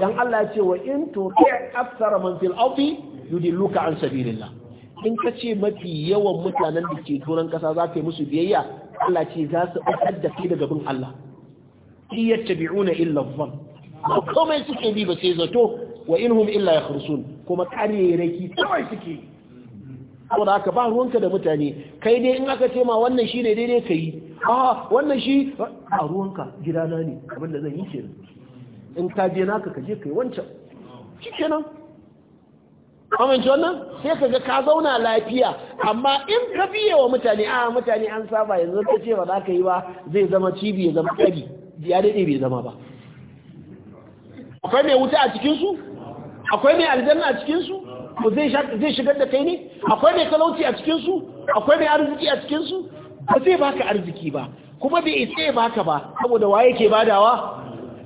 dan Allah ya ce wa in to aksara man fil ardi yudilluka an sabilillah in ka ce mafi yawan mutanen da ke turan kasa za ka yi musu biyayya Allah ce za su ɓatar da kai daga bin Allah in yattabi'una illa dhann komai suke bi ba sai zato wa inhum illa yakhrusun kuma kareraki kawai suke saboda aka ba ruwanka da mutane kai dai in aka ce ma wannan shine daidai kai ah wannan shi a ruwanka gidana ne abinda da zan yi kenan in ka je naka ka je kai wancan shikenan amince wannan sai ka ga ka zauna lafiya amma in ka biye wa mutane a mutane an saba yanzu ka ce ba za ka yi ba zai zama cibi ya zama kari ya daɗe bai zama ba akwai mai wuta a cikinsu akwai mai aljanna a cikinsu zai shigar da kai ne akwai mai talauci a cikinsu akwai mai arziki a cikinsu ba zai baka arziki ba kuma bai isa ya baka ba saboda waye ke badawa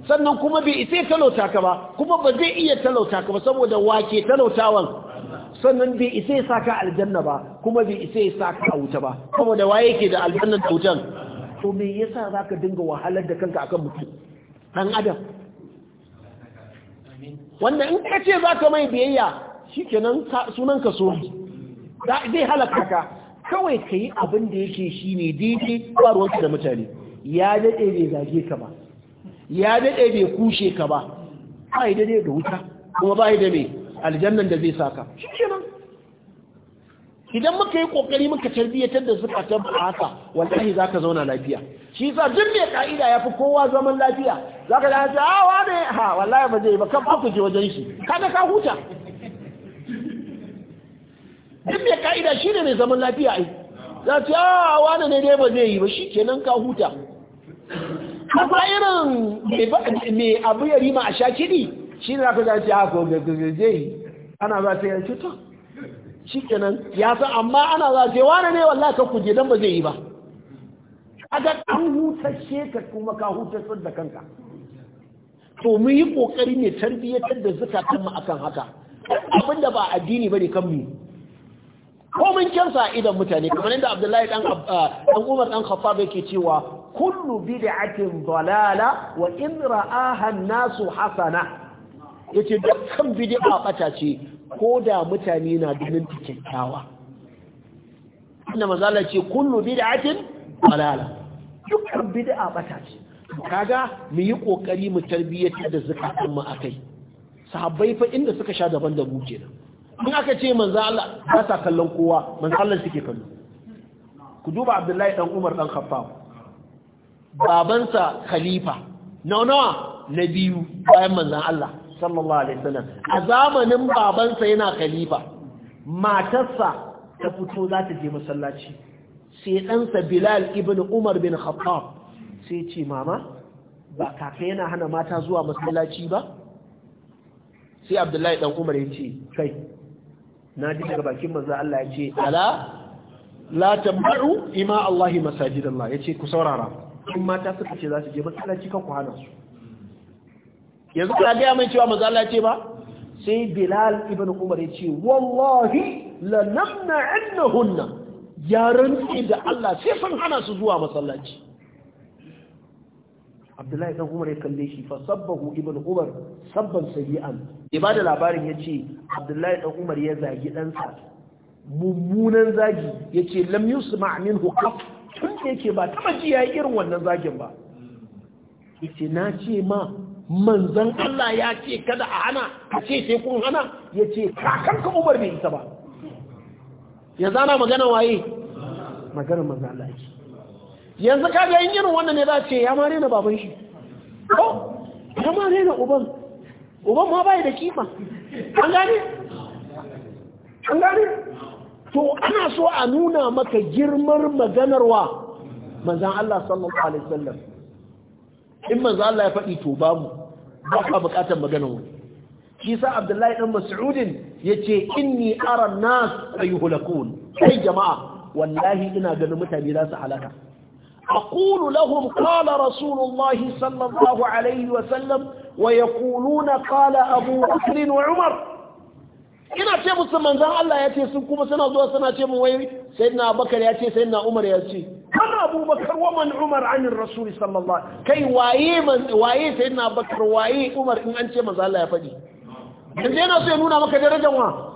sannan kuma bai isa ya talauta ka ba kuma ba zai iya talauta ka ba saboda wa ke talautawan sannan bai isa ya saka aljanna ba kuma bai isa ya saka a wuta ba saboda waye ke da aljanna da wutan to me yasa zaka dinga wahalar da kanka akan mutum dan adam wanda in ka ce za ka mai biyayya shi kenan sunan ka so zai halaka ka kawai ka yi abin da yake shi ne daidai ba ruwanka da mutane ya daɗe bai zage ka ba ya daɗe bai kushe ka ba ba yi daɗe da wuta kuma ba yi da mai aljannan da zai saka shi nan idan muka yi kokari muka tarbiyyatar da zukatan haka wallahi zaka zauna lafiya shi yasa duk mai ka'ida yafi kowa zaman lafiya zaka da ce ah wane ha wallahi ba zai ba kan ku je wajen shi kada ka huta duk mai ka'ida ne mai zaman lafiya ai za ce ah wane ne dai ba zai yi ba shi kenan ka huta kuma irin mai abu ya rima a sha kiɗi shi ne za ka ce ah ko ga zai ana za ta yi to shikenan ya san amma ana za ce wane ne wallahi ka kuje dan ba zai yi ba kaga an hutashe ka kuma ka hutasar da kanka to mu yi kokari ne tarbiyyatar da zukatan mu akan haka abinda ba addini bane kan mu ko mun kyansa idan mutane kamar inda Abdullahi dan dan ah, Umar dan Khattab yake cewa kullu bid'atin dalala wa in ra'aha an-nasu hasana yace dukkan bid'a bata ce ko da mutane na ganin ta kyakkyawa inda mazala ce kullu bid'atin dalala dukkan bid'a bata ce kaga mu yi kokari mu tarbiyyata da zakatun mu akai sahabbai fa inda suka sha daban da mu kenan in aka ce manzo Allah ba sa kallon kowa manzo Allah suke kallo ku duba Abdullahi dan Umar dan Khaffaf babansa khalifa nawa nawa na biyu bayan manzo Allah sallallahu alaihi wasallam a zamanin babansa yana khalifa matarsa ta fito za ta je masallaci sai ɗansa bilal ibn umar bin khattab sai ce mama ba kaka yana hana mata zuwa masallaci ba sai abdullahi dan umar ya ce kai na ji daga bakin manzo Allah ya ce ala la tabu ima Allah masajidallah ya ce ku saurara in mata suka ce za su je masallaci kan ku hana su yanzu kana gaya mai cewa manzo ce ba sai Bilal ibn Umar ya ce wallahi la namna annahunna ya rantsi da Allah sai sun hana su zuwa masallaci Abdullahi dan Umar ya kalle shi fa sabbahu ibn Umar sabban sayi'an ibada labarin ya ce Abdullahi dan Umar ya zagi ɗansa mummunan zagi yace lam yusma minhu qaf tun yake ba taba ji irin wannan zagin ba ce na ce ma manzan Allah ya ce kada a hana ka ce sai kun hana ya ce kakanka umar bai isa ba ya zana magana waye magana manzan Allah ya ce yanzu ka ga yin wannan ne za ce ya mare na baban shi ko ya mare na uban uban ma bai da kifa an gane an gani to ana so a nuna maka girmar maganarwa manzan Allah sallallahu alaihi wasallam in manzo Allah ya faɗi to babu ba ka buƙatar maganar wani shi sa Abdullahi dan Mas'udin yace inni ara nas ayuhlakun kai jama'a wallahi ina ganin mutane za su halaka أقول لهم قال رسول الله صلى الله عليه وسلم ويقولون قال أبو بكر وعمر ina ce musu manzan Allah ya ce sun kuma suna zuwa suna ce mu wai sayyidina Abubakar ya ce sayyidina Umar ya ce man abubakar wa man umar anin rasuli sallallahu kai waye man waye sai na bakar waye umar in an ce manzo Allah ya faɗi yanzu yana so ya nuna maka darajar wa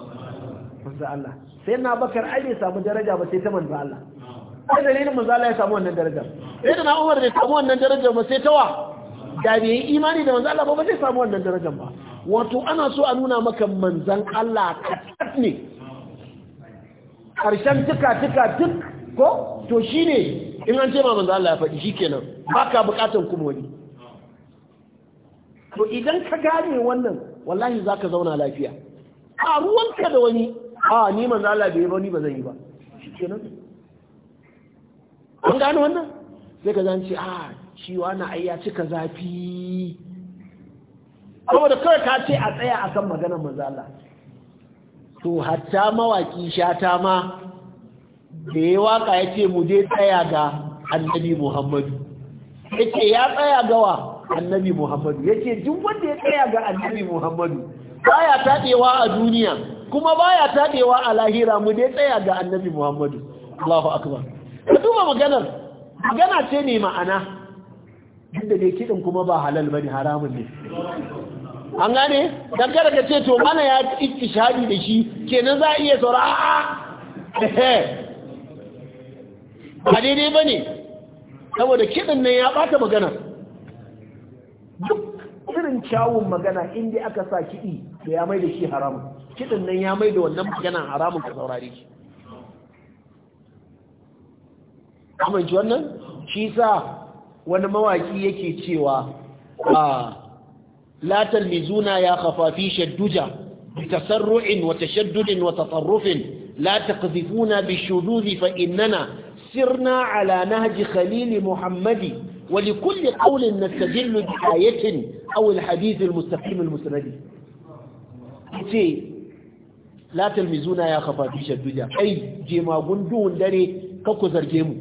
manzo Allah sai na bakar ai samu daraja ba sai ta manzo Allah ai dalilin manzo Allah ya samu wannan darajar sai na umar bai samu wannan darajar ba sai ta wa da bai yi imani da manzo Allah ba ba zai samu wannan darajar ba wato ana so a nuna maka manzan Allah kaɗan ne ƙarshen tuka-tuka duk ko to ne in an ce ma manzo Allah ya faɗi ba ka bukatan kuma wani to idan ka gane wannan wallahi zaka zauna lafiya a ruwanka da wani a ni manzo Allah bai ba ni ba zan yi ba shikenan an gane wannan sai ka zance a shi wani ai ya cika zafi saboda kawai ka ce a tsaya akan maganar manzo Allah to hatta mawaki shata ma da ya waka ya ce mu je tsaya ga annabi muhammadu ya ce ya tsaya gawa annabi muhammadu ya ce duk wanda ya tsaya ga annabi muhammadu baya taɗewa a duniya kuma baya taɗewa a lahira mu dai tsaya ga annabi muhammadu allahu akbar ka duba maganar magana ce ne ma'ana duk da dai kiɗin kuma ba halal ba ne haramun ne an gane don kada ka ce to mana ya shaɗi da shi kenan za a iya saura a'a ba daidai ba ne saboda kiɗin nan ya ɓata magana duk irin kyawun magana inda aka sa kiɗi da ya mai da shi haramun kiɗin nan ya mai da wannan magana haramun ka saurare shi amince wannan shi sa wani mawaki yake cewa a ah, latar mizuna ya kafafi shadduja بتسرع وتشدد وتطرف لا تقذفونا بالشذوذ فإننا سرنا على نهج خليل محمد ولكل قول نستدل بآية أو الحديث المستقيم المسند ce la talmizuna ya kafa fi shadduja kai jemagun duhun dare ka zarge mu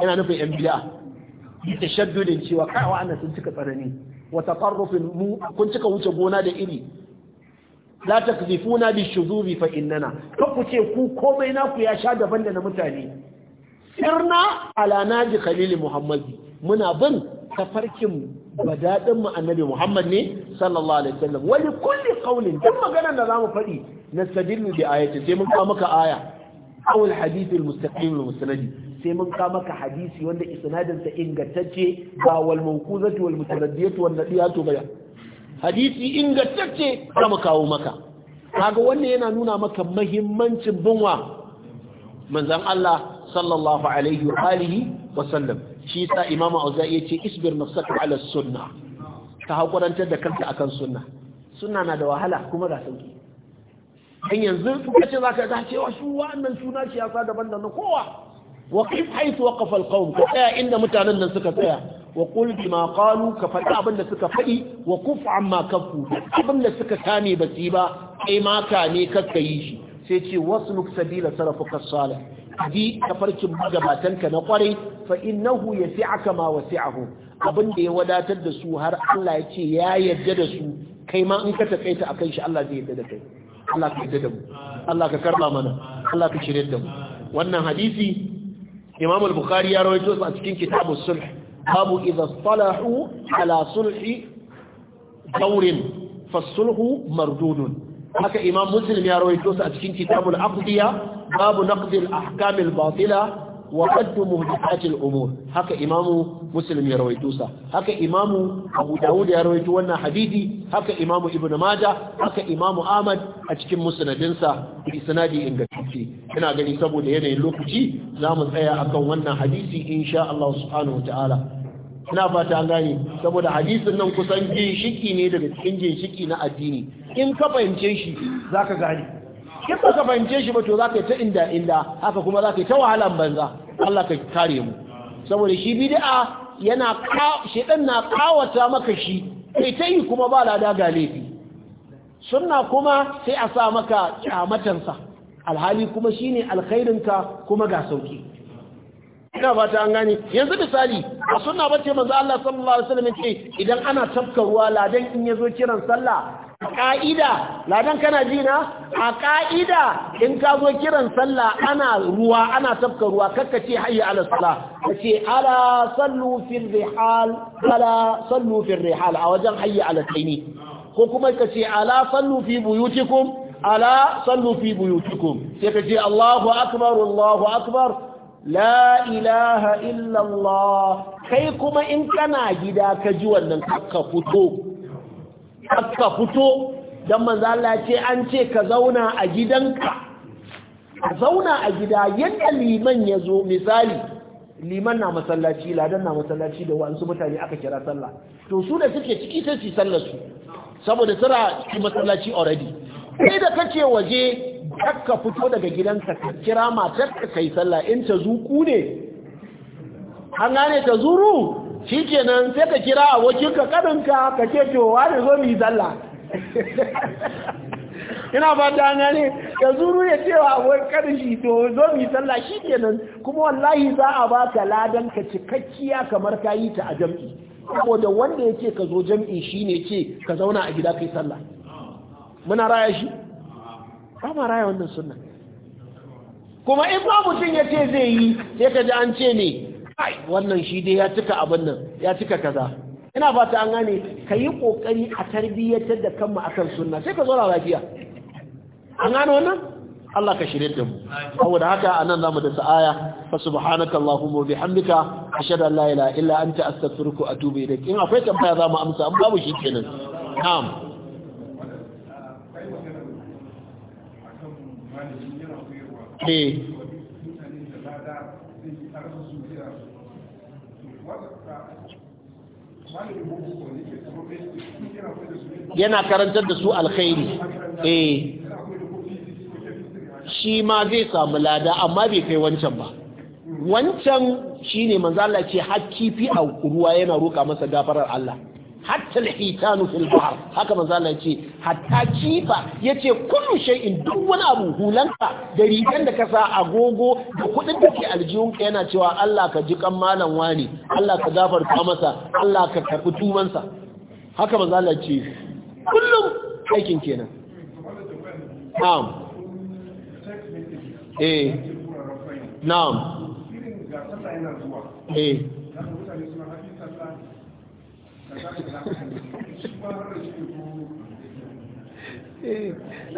yana nufin yan biya, ta shaddudin cewa kawa sun cika tsanani wa taqarrufin mu kun cika wuce gona da iri la takzifuna bi shuzubi ce ku komai naku ya sha daban da na mutane sirna ala naji khalil Muhammad, muna bin tafarkin badadin mu annabi muhammad ne sallallahu alaihi wasallam wani kulli qaulin duk maganar da zamu faɗi nastadillu bi ayati sai mun kawo maka aya aw al hadith al mustaqim al musnad sai mun kawo maka hadisi wanda isnadin sa ingantacce ba wal mawquzatu wal mutaraddiyatu wan nadiyatu ba hadisi ingantacce za mu kawo maka kaga wannan yana nuna maka muhimmancin binwa manzan Allah sallallahu alaihi wa alihi wa sallam shi sa imamu ya ce isbir nafsaka ala sunna Ta hakurantar da kanka akan sunna sunna na da wahala kuma da sauki dan yanzu kuka ce zaka ga cewa su wannan suna shi yasa daban da kowa wa qif haythu waqafa alqawm ka tsaya inda mutanen nan suka tsaya wa qul bima qalu ka faɗi abin da suka faɗi wa kuf amma kafu abin da suka kame basi ba kai ma kame shi sai ce wasu sabila sarafuka salih bi tafarkin magabatanka na kwarai fa innahu yasi'aka ma wasi'ahu abin da ya wadatar da su har Allah ya ce ya yarda da su kai ma in ka takaita akan shi Allah zai yarda da kai Allah ka yarda da mu Allah ka karba mana Allah ka shirye da mu wannan hadisi Imam al-Bukhari ya rawaito a cikin kitabu sulh babu idza salahu ala sulhi dawrin fa sulhu mardudun haka imam muslim ya rawaito su a cikin kitabul aqdiya babu naqd al ahkam al batila wa qadd muhdathat al umur haka imam muslim ya rawaito sa haka imam abu daud ya rawaito wannan hadisi haka imam ibnu majah haka imam ahmad a cikin musnadin sa isnadi ingantacce ina gani saboda yanayin lokaci zamu tsaya akan wannan hadisi insha Allah subhanahu wa ta'ala ina fata an gane saboda hadisin nan kusan ginshiki ne daga cikin ginshiki na addini in ka fahimce shi za ka gane in ba ka fahimce shi ba to zaka yi ta inda inda haka kuma zaka yi ta wahalan banza Allah ka kare mu saboda shi bid'a yana ka shedan na kawata maka shi kai ta yi kuma ba lada ga laifi sunna kuma sai a sa maka kyamatansa alhali kuma shine alkhairinka kuma ga sauki ina ba ta an gani. yanzu misali a sunna bace manzo Allah sallallahu alaihi wasallam ce idan ana tafka ruwa ladan in yazo kiran sallah ka'ida ladan kana ji na a ka'ida in ka zo kiran sallah ana ruwa ana tafka ruwa kakka ce hayya ala sallah kace ala sallu fil rihal ala sallu fil rihal a wajen hayya ala taini ko kuma kace ala sallu fi buyutikum ala sallu fi buyutikum sai kace Allahu akbar Allahu akbar la ilaha illallah kai kuma in kana gida ka ji wannan ka fito ka fito don manzala ce an ce ka zauna a gidanka ka zauna a gida yadda liman ya zo misali liman na masallaci ladan na masallaci da wasu mutane aka kira sallah to su da suke ciki sai su sallar su saboda suna cikin masallaci already sai da kace waje kakka fito daga gidanka ka kira matarka kai sallah in ta zuku ne an gane ta zuru shikenan sai ka kira abokin ka kaninka ka ce to wani zo mi sallah (laughs) ina ba ta gane ka zuru ya cewa wai to zo mi sallah shikenan kuma wallahi za a ba ka ladan ka cikakkiya kamar ka yi ta a jam'i saboda wanda yake ka zo jam'i shine ce ka zauna a gida kai sallah muna raya shi ba raya wannan sunna kuma in ba mutum ya ce zai yi sai ka ji an ce ne ai wannan shi dai ya cika abin nan ya cika kaza ina fata an gane ka yi kokari a tarbiyyatar da kanmu akan sunna sai ka zauna lafiya an gane wannan Allah ka shirye da mu saboda haka anan zamu da sa'aya fa subhanaka allahumma bihamdika ashhadu an la ilaha illa anta astaghfiruka wa atubu ilaik in akwai tambaya zamu amsa an babu kenan na'am Eh. yana karantar da su alkhairi eh shi ma zai samu lada amma bai kai wancan ba wancan shine manzo Allah ce hakki fi a ruwa yana roka masa gafarar Allah hatta lihitanu fil bahr haka manzo Allah yace hatta kifa yace kullu shay'in duk wani abu hulanka da rigan da ka sa agogo da kudin da ke aljihunka yana cewa Allah ka ji kan malam wani Allah ka gafarta masa Allah ka karbi tumansa haka manzo Allah yace kullum aikin kenan na'am eh na'am eh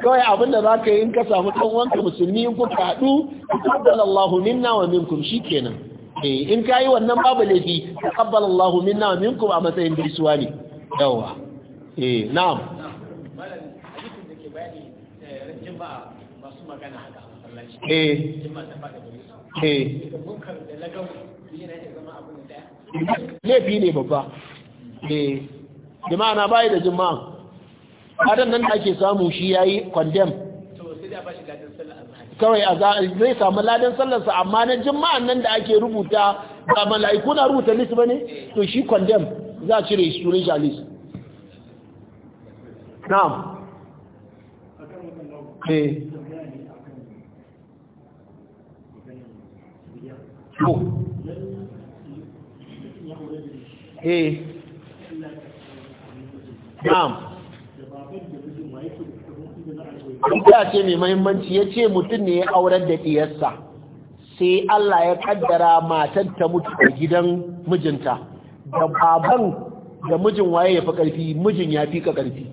kawai abinda za ka yi in ka samu ɗanwanka musulmi in kuka haɗu ƙabbala Allahu minna wa minkum shi kenan eh, in ka yi wannan babu laifi ƙabbala Allahu minna wa minkum a matsayin gaisuwa ne yawa eh, na'am eh. laifi ne babba ne eh, bi ma'ana da juma'a adan nan da ake samu shi yayi condemn kawai a zai samu ladan sallarsa amma na juma'an nan da ake rubuta ba mala'iku na rubuta list bane to shi condemn za a cire shi turin shalis na'am eh oh. eh na'am ta ce mai mahimmanci ya ce mutum ne ya aurar da ɗiyarsa sai Allah ya kaddara matar ta mutu a gidan mijinta da baban da mijin waye ya fi ƙarfi mijin ya fi ƙarfi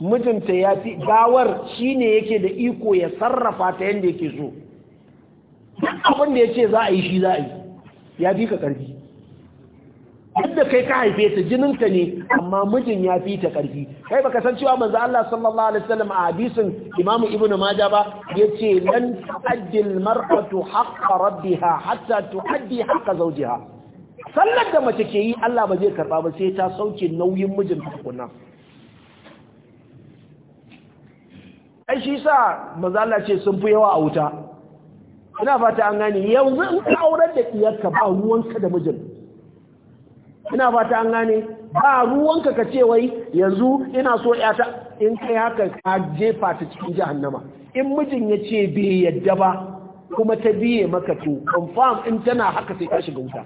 mijinta ya fi gawar shi ne yake da iko ya sarrafa ta yadda yake so abinda yace ya ce za a yi shi za a yi ya fi ƙarfi wanda kai ka haife ta jinin ta ne amma mijin ya fi ta ƙarfi kai baka san cewa manzo Allah sallallahu alaihi wasallam a hadisin Imam Ibn Majah ba yace lan tu'addi maratu haqqa rabbiha hatta tu'addi haqqa zawjiha sallar da mace ke yi Allah ba zai karba ba sai ta sauke nauyin mijin tukunna ai shi sa manzo Allah ce sun fi yawa a wuta ina fata an gane yanzu in ka aurar da iyarka ba ruwanka da mijin ina fata an gane ba ruwanka ka ce wai yanzu ina so yata in kai haka ka jefa ta cikin jahannama in mijin ya ce bai yadda ba kuma ta biye maka to confirm in tana haka sai ka shiga wuta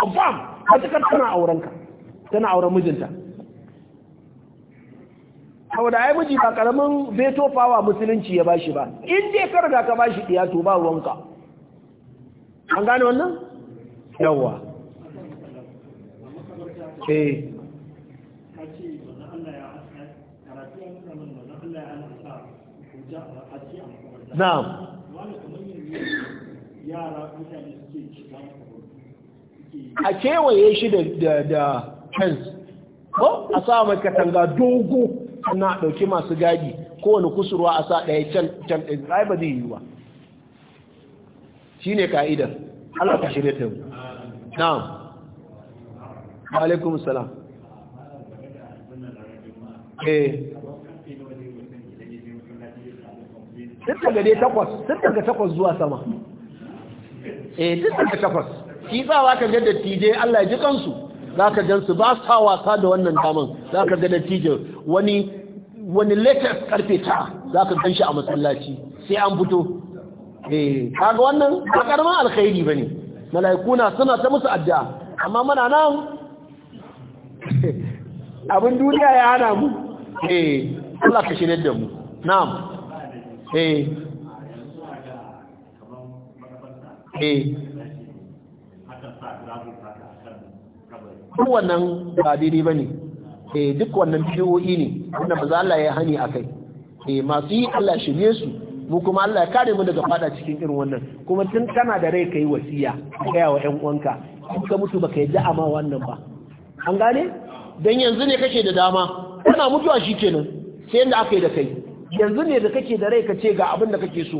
confirm matakar tana aurenka tana auren mijinta da ai miji ba karamin veto power musulunci ya bashi ba in dai ka riga ka bashi diya to ba ruwanka an gane wannan yawa eh na'am a kewaye shi da hands ko a sa mai katanga dogo na ɗauki masu gadi kowane kusurwa a sa ɗaya can ɗin ba zai yi ba shi ne ka'idar Allah ka shirya ta yi. na'am alaikum salam eh tun daga dai takwas tun daga takwas zuwa sama eh tun daga takwas shi za ka ga dattijai Allah ya ji kansu za ka su. ba sa wasa da wannan daman za ka ga dattijai wani wani latest karfe ta za ka gan shi a matsalaci sai an fito eh kaga wannan ba karman alkhairi bane mala'iku na suna ta musu addu'a amma muna nan abin duniya ya hana mu eh Allah ka shirye da mu na'am eh eh duk wannan ba daidai ba ne eh duk wannan bidiyoyi ne wanda ba za Allah ya hani a kai eh masu yi Allah shirye su mu kuma Allah ya kare mu daga fada cikin irin wannan kuma tun kana da rai kai wasiya gaya wa ƴan uwanka in ka mutu baka yadda amma wannan ba an gane don yanzu ne kake da dama kana mutuwa shi kenan sai yadda aka yi da kai yanzu ne da kake da rai ka ce ga abin da kake so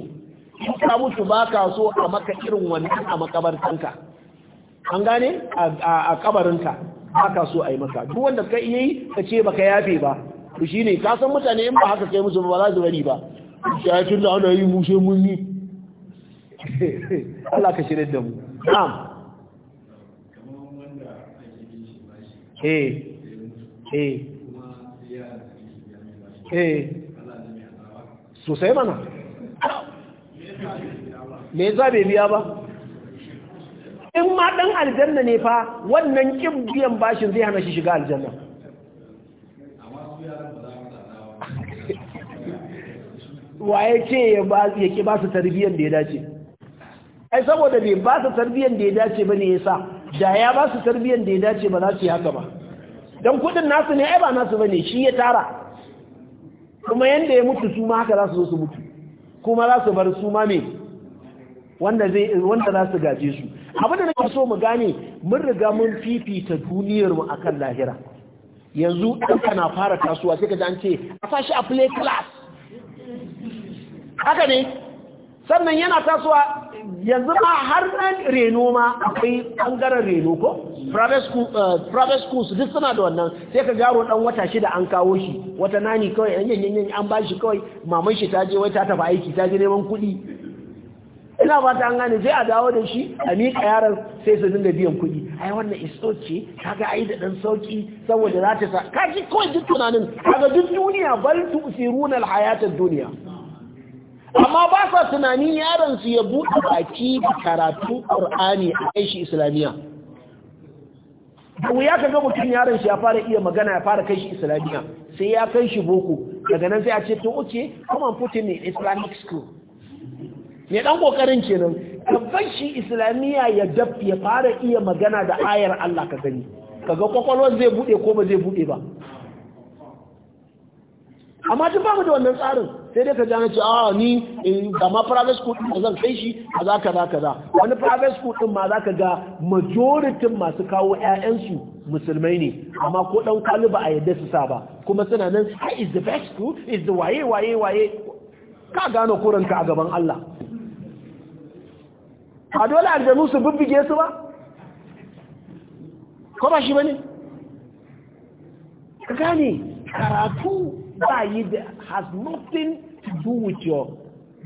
in ka mutu ba ka so a maka irin wannan a makabartanka an gane a kabarinka ba ka so a yi maka duk wanda ka iya yi ka ce ba ka yafe ba Ku shi ne ka san mutane in ba haka kai musu ba za su bari ba shafin da ana yi mushe mun yi (laughs) Allah ka shirin da mu na'am eh eh sosai mana me za bai biya ba in ma dan aljanna ne fa wannan kin biyan bashin zai hana shi shiga aljanna waye ce ya ba su tarbiyyar da ya dace ai saboda bai ba su tarbiyyar da ya dace ba ne ya sa da ya ba su tarbiyyar da ya dace ba za su yi haka ba don kudin nasu ne ai ba nasu bane shi ya tara kuma yanda ya mutu su ma haka za su zo su mutu kuma za su bar su ma me wanda zai wanda za su gaje su abin da nake so mu gane mun riga mun fifita duniyar mu akan lahira yanzu dan na fara kasuwa sai ka ji an ce a sashi a play class haka ne sannan yana tasowa yanzu a har nan reno ma akwai ɓangaren reno ko? private eh, schools duk suna da wannan sai ka garo ɗan wata shida an kawo shi wata nani kawai an yanyanyan an ba shi kawai maman shi ta je wai ta tafi aiki ta je neman kuɗi ina ba ta an gane sai a dawo da shi a miƙa yaran sai su dinga biyan kuɗi ai wannan iso ce kaga ai da ɗan sauki saboda za ta sa kaji kawai duk tunanin kaga duk duniya bal tu'siruna al duniya amma ba sa yaron su ya buɗe baki da karatun ƙur'ani a kai shi islamiyya da wuya ka ga mutum yaron shi ya fara iya magana ya fara kai shi islamiyya sai ya kai shi boko daga nan sai a ce to oke kuma putin ne islamic school ne dan kokarin kenan kafan shi islamiyya ya dab ya fara iya magana da ayar Allah ka gani kaga kwakwalwar zai bude ko ba zai bude ba amma duk ba mu da wannan tsarin sai dai ka gane ce a ah, ni in ma private school din zan kai shi a za kaza kaza wani private school din ma za ka ga majority masu kawo ƴaƴansu musulmai ne amma ko dan ba a yadda su sa ba kuma suna nan is the best school is the waye waye waye ka gano kuranka a gaban Allah a dole jami'u su bibbige su ba ko ba shi bane ka gane karatu ba yi da has nothing do with your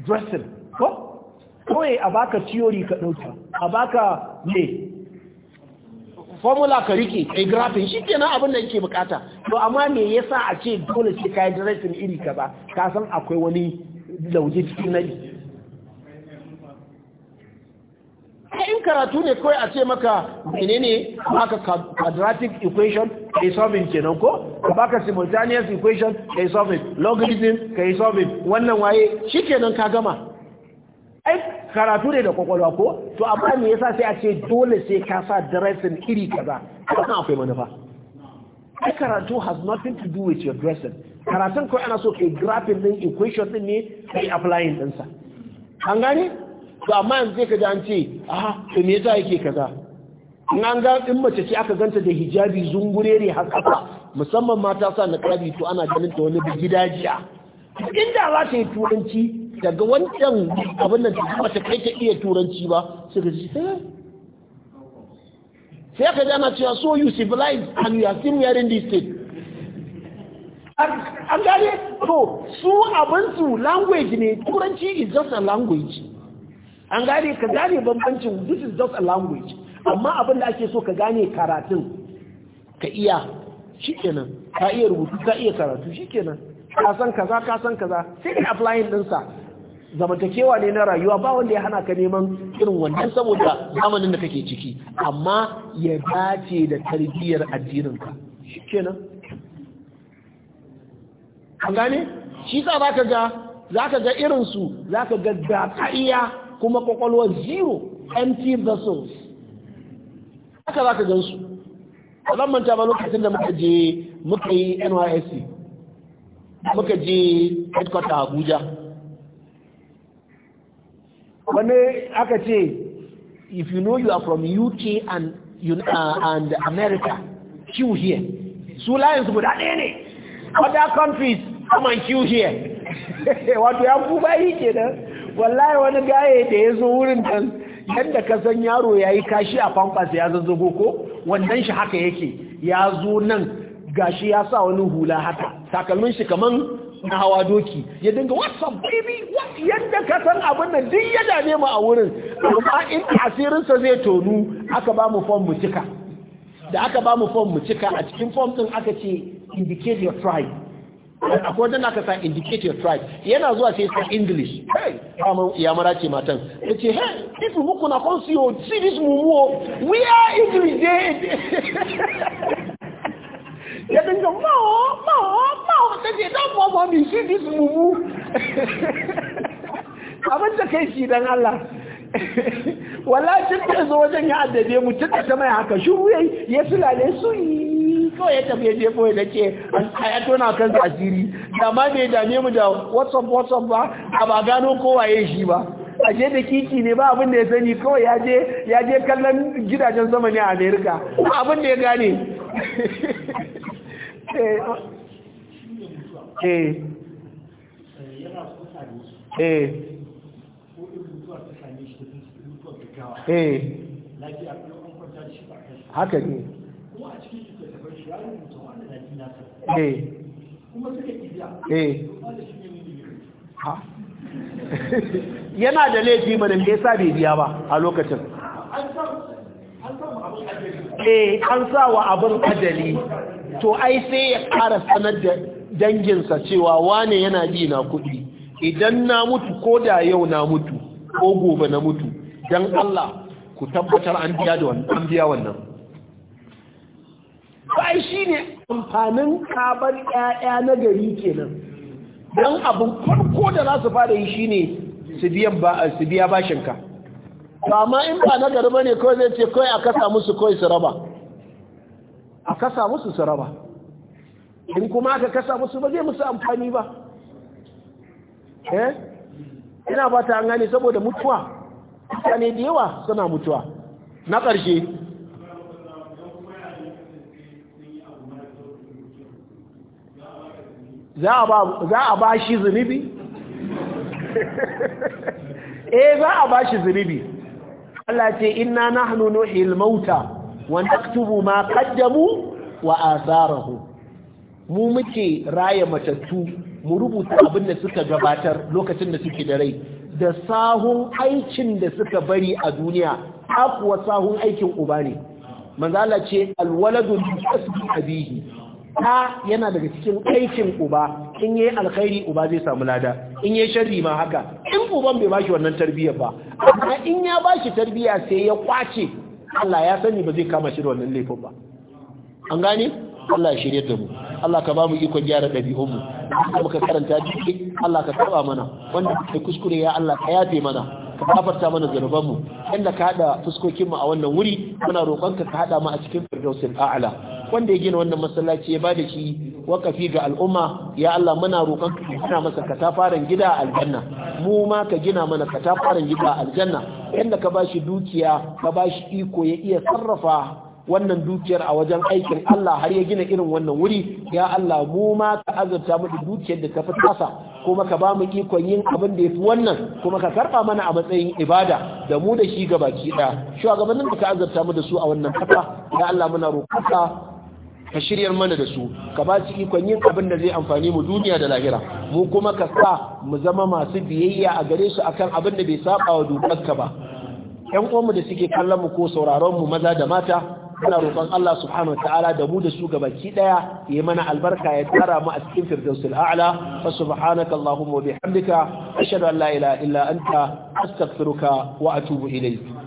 dressing ko kawai a baka theory ka ɗauka a baka me formula ka rike kai grafin shi kenan abin da yake bukata to amma me yasa a ce dole sai kai dressing iri kaza ka san akwai wani lauje cikin nadi in karatu ne kawai a ce maka menene baka quadratic equation yi solving kenan ko ka baka simultaneous equation yi solving logarithm yi solving wannan waye shi kenan ka gama ai karatu ne da kwakwalwa ko to amma me yasa sai a ce dole sai ka sa dressing iri kaza akwai manufa ai karatu has nothing to do with your dressing karatun kawai ana so yi graphing din equation din ne yi applying din sa an gane to amma yanzu sai kaji an ce ah to me yasa yake kaza in an ga in mace ce aka ganta da hijabi zungurere har kasa musamman mata sa niqabi to ana ganin ta wani in da za ta yi turanci daga wancan abin nan ba ta kai ta iya turanci ba sai ka ji eh. sai ka ji ana cewa so you civilized and you are still wearing this thing an gane to su abinsu language ne turanci is just a language an gane ka gane bambancin this is just a language amma abin da ake so ka gane karatun ka iya shikenan ka iya rubutu ka iya karatu shikenan ka san kaza ka san kaza sai ka apply din sa zamantakewa ne na rayuwa ba wanda ya hana ka neman irin wannan saboda zamanin da kake ciki amma ya dace da tarbiyyar addinin ka shikenan an gane shi sa zaka ga zaka ga irin su zaka ga da iya kuma kwakwalwar zero empty vessels haka za ka gan su zan manta ba lokacin da muka je muka yi nysc muka je headquarter abuja wani aka ce if you know you are from uk and, uh, and america queue here su layansu guda ɗaya ne other countries come and queue here (laughs) wato ya ku bayi ke nan wallahi wani gaye da ya zo wurin dan yadda ka san yaro ya yi kashi a famfas ya zazzago ko wannan shi haka yake ya zo nan gashi ya sa wani hula haka takalmin shi kaman na hawa doki ya dinga what's up baby what yadda ka san abin nan duk ya dame mu a wurin amma in sa zai tonu aka ba mu fom mu cika da aka ba mu fom mu cika a cikin fom din aka ce indicate your tribe akwai wajen da aka sa indicate your tribe yana zuwa sai sa english hey ya mara ce matan ya ce hey people who kuna kon see you see this mumu we are english eh? (laughs) ya ga mawa mawa mawa ta ce don mawa mi see this mumu (laughs) abin da kai shi dan allah (laughs) wala cin zo wajen ya addabe mu cin ta mai haka shuru ya ya sulale su yi kawai ya tafi ya jefo ya dace ya tona kansa asiri da ma bai dame mu da whatsapp whatsapp ba a ba gano kowaye shi ba a je da kiki ne ba abin da ya sani kawai ya je ya je kallon gidajen sama ne a Amerika abin da ya gane (laughs) eh. Eh. Eh. haka ne Eh. Eh. (laughs) yana da laifi mana me yasa bai biya ba a lokacin eh, an sa wa abin ajali to ai sai ya ƙara sanar da danginsa cewa wane yana bi na kuɗi idan na mutu ko da yau na mutu ko gobe na mutu don Allah ku tabbatar an biya wannan bai shi ne amfanin kabar ƴaƴa na gari kenan don abin farko da za su fara yi shi ne su biya bashinka to amma in ba na gari ba ne kawai zai ce kawai a kasa musu kawai su raba a kasa musu su raba in kuma aka kasa musu ba zai musu amfani ba eh ina ba ta an gane saboda mutuwa mutane da yawa suna mutuwa na ƙarshe za a ba shi zunubi? (laughs) eh za a ba shi zunubi Allah ce inna nahnu nuhil mauta wa naktubu ma qaddamu wa atharahu mu muke raya matattu mu rubuta abin da suka gabatar lokacin da suke da rai da sahun aikin da suka bari a duniya akwa sahun aikin uba ne manzo Allah ce alwaladu bi kasbi abihi ta yana daga cikin aikin uba in yi alkhairi uba zai samu lada in yayi sharri ma haka in uban bai bashi wannan tarbiyyar ba amma in ya bashi tarbiyya sai ya kwace Allah ya sani ba zai kama shi da wannan laifin ba an gane Allah ya shirye da mu Allah ka ba mu ikon gyara dabi'un mu da muka karanta jiki Allah ka karɓa mana wanda kai kuskure ya Allah ka yafe mana ka kafarta mana mu. inda ka haɗa mu a wannan wuri muna roƙonka ka haɗa mu a cikin firdausil a'la wanda ya gina wannan masallaci ya bada shi wakafi ga al'umma ya Allah muna roƙon ka gina masa katafaren gida a aljanna mu ma ka gina mana katafaren gida a aljanna yanda ka bashi dukiya ka bashi iko ya iya sarrafa wannan dukiyar a wajen aikin Allah har ya gina irin wannan wuri ya Allah mu ma ka azurta mu da dukiyar da ta fi tasa kuma ka ba mu ikon yin abin da yafi wannan kuma ka karba mana a matsayin ibada da mu da shi baki ɗaya shugabannin da ka azurta mu da su a wannan kasa ya Allah muna roƙonka ka shiryar mana da su ka ba su ikon yin abin da zai amfani mu duniya da lahira mu kuma ka sa mu zama masu biyayya a gare su akan abin da bai saba wa ka ba ƴan uwanmu da suke kallon mu ko sauraron mu maza da mata muna roƙon Allah subhanahu ta'ala da mu da su gabaki daya ya mana albarka ya tara mu a cikin firdausul a'la fa subhanaka allahumma wa bihamdika ashhadu an la ilaha illa anta astaghfiruka wa atubu ilayk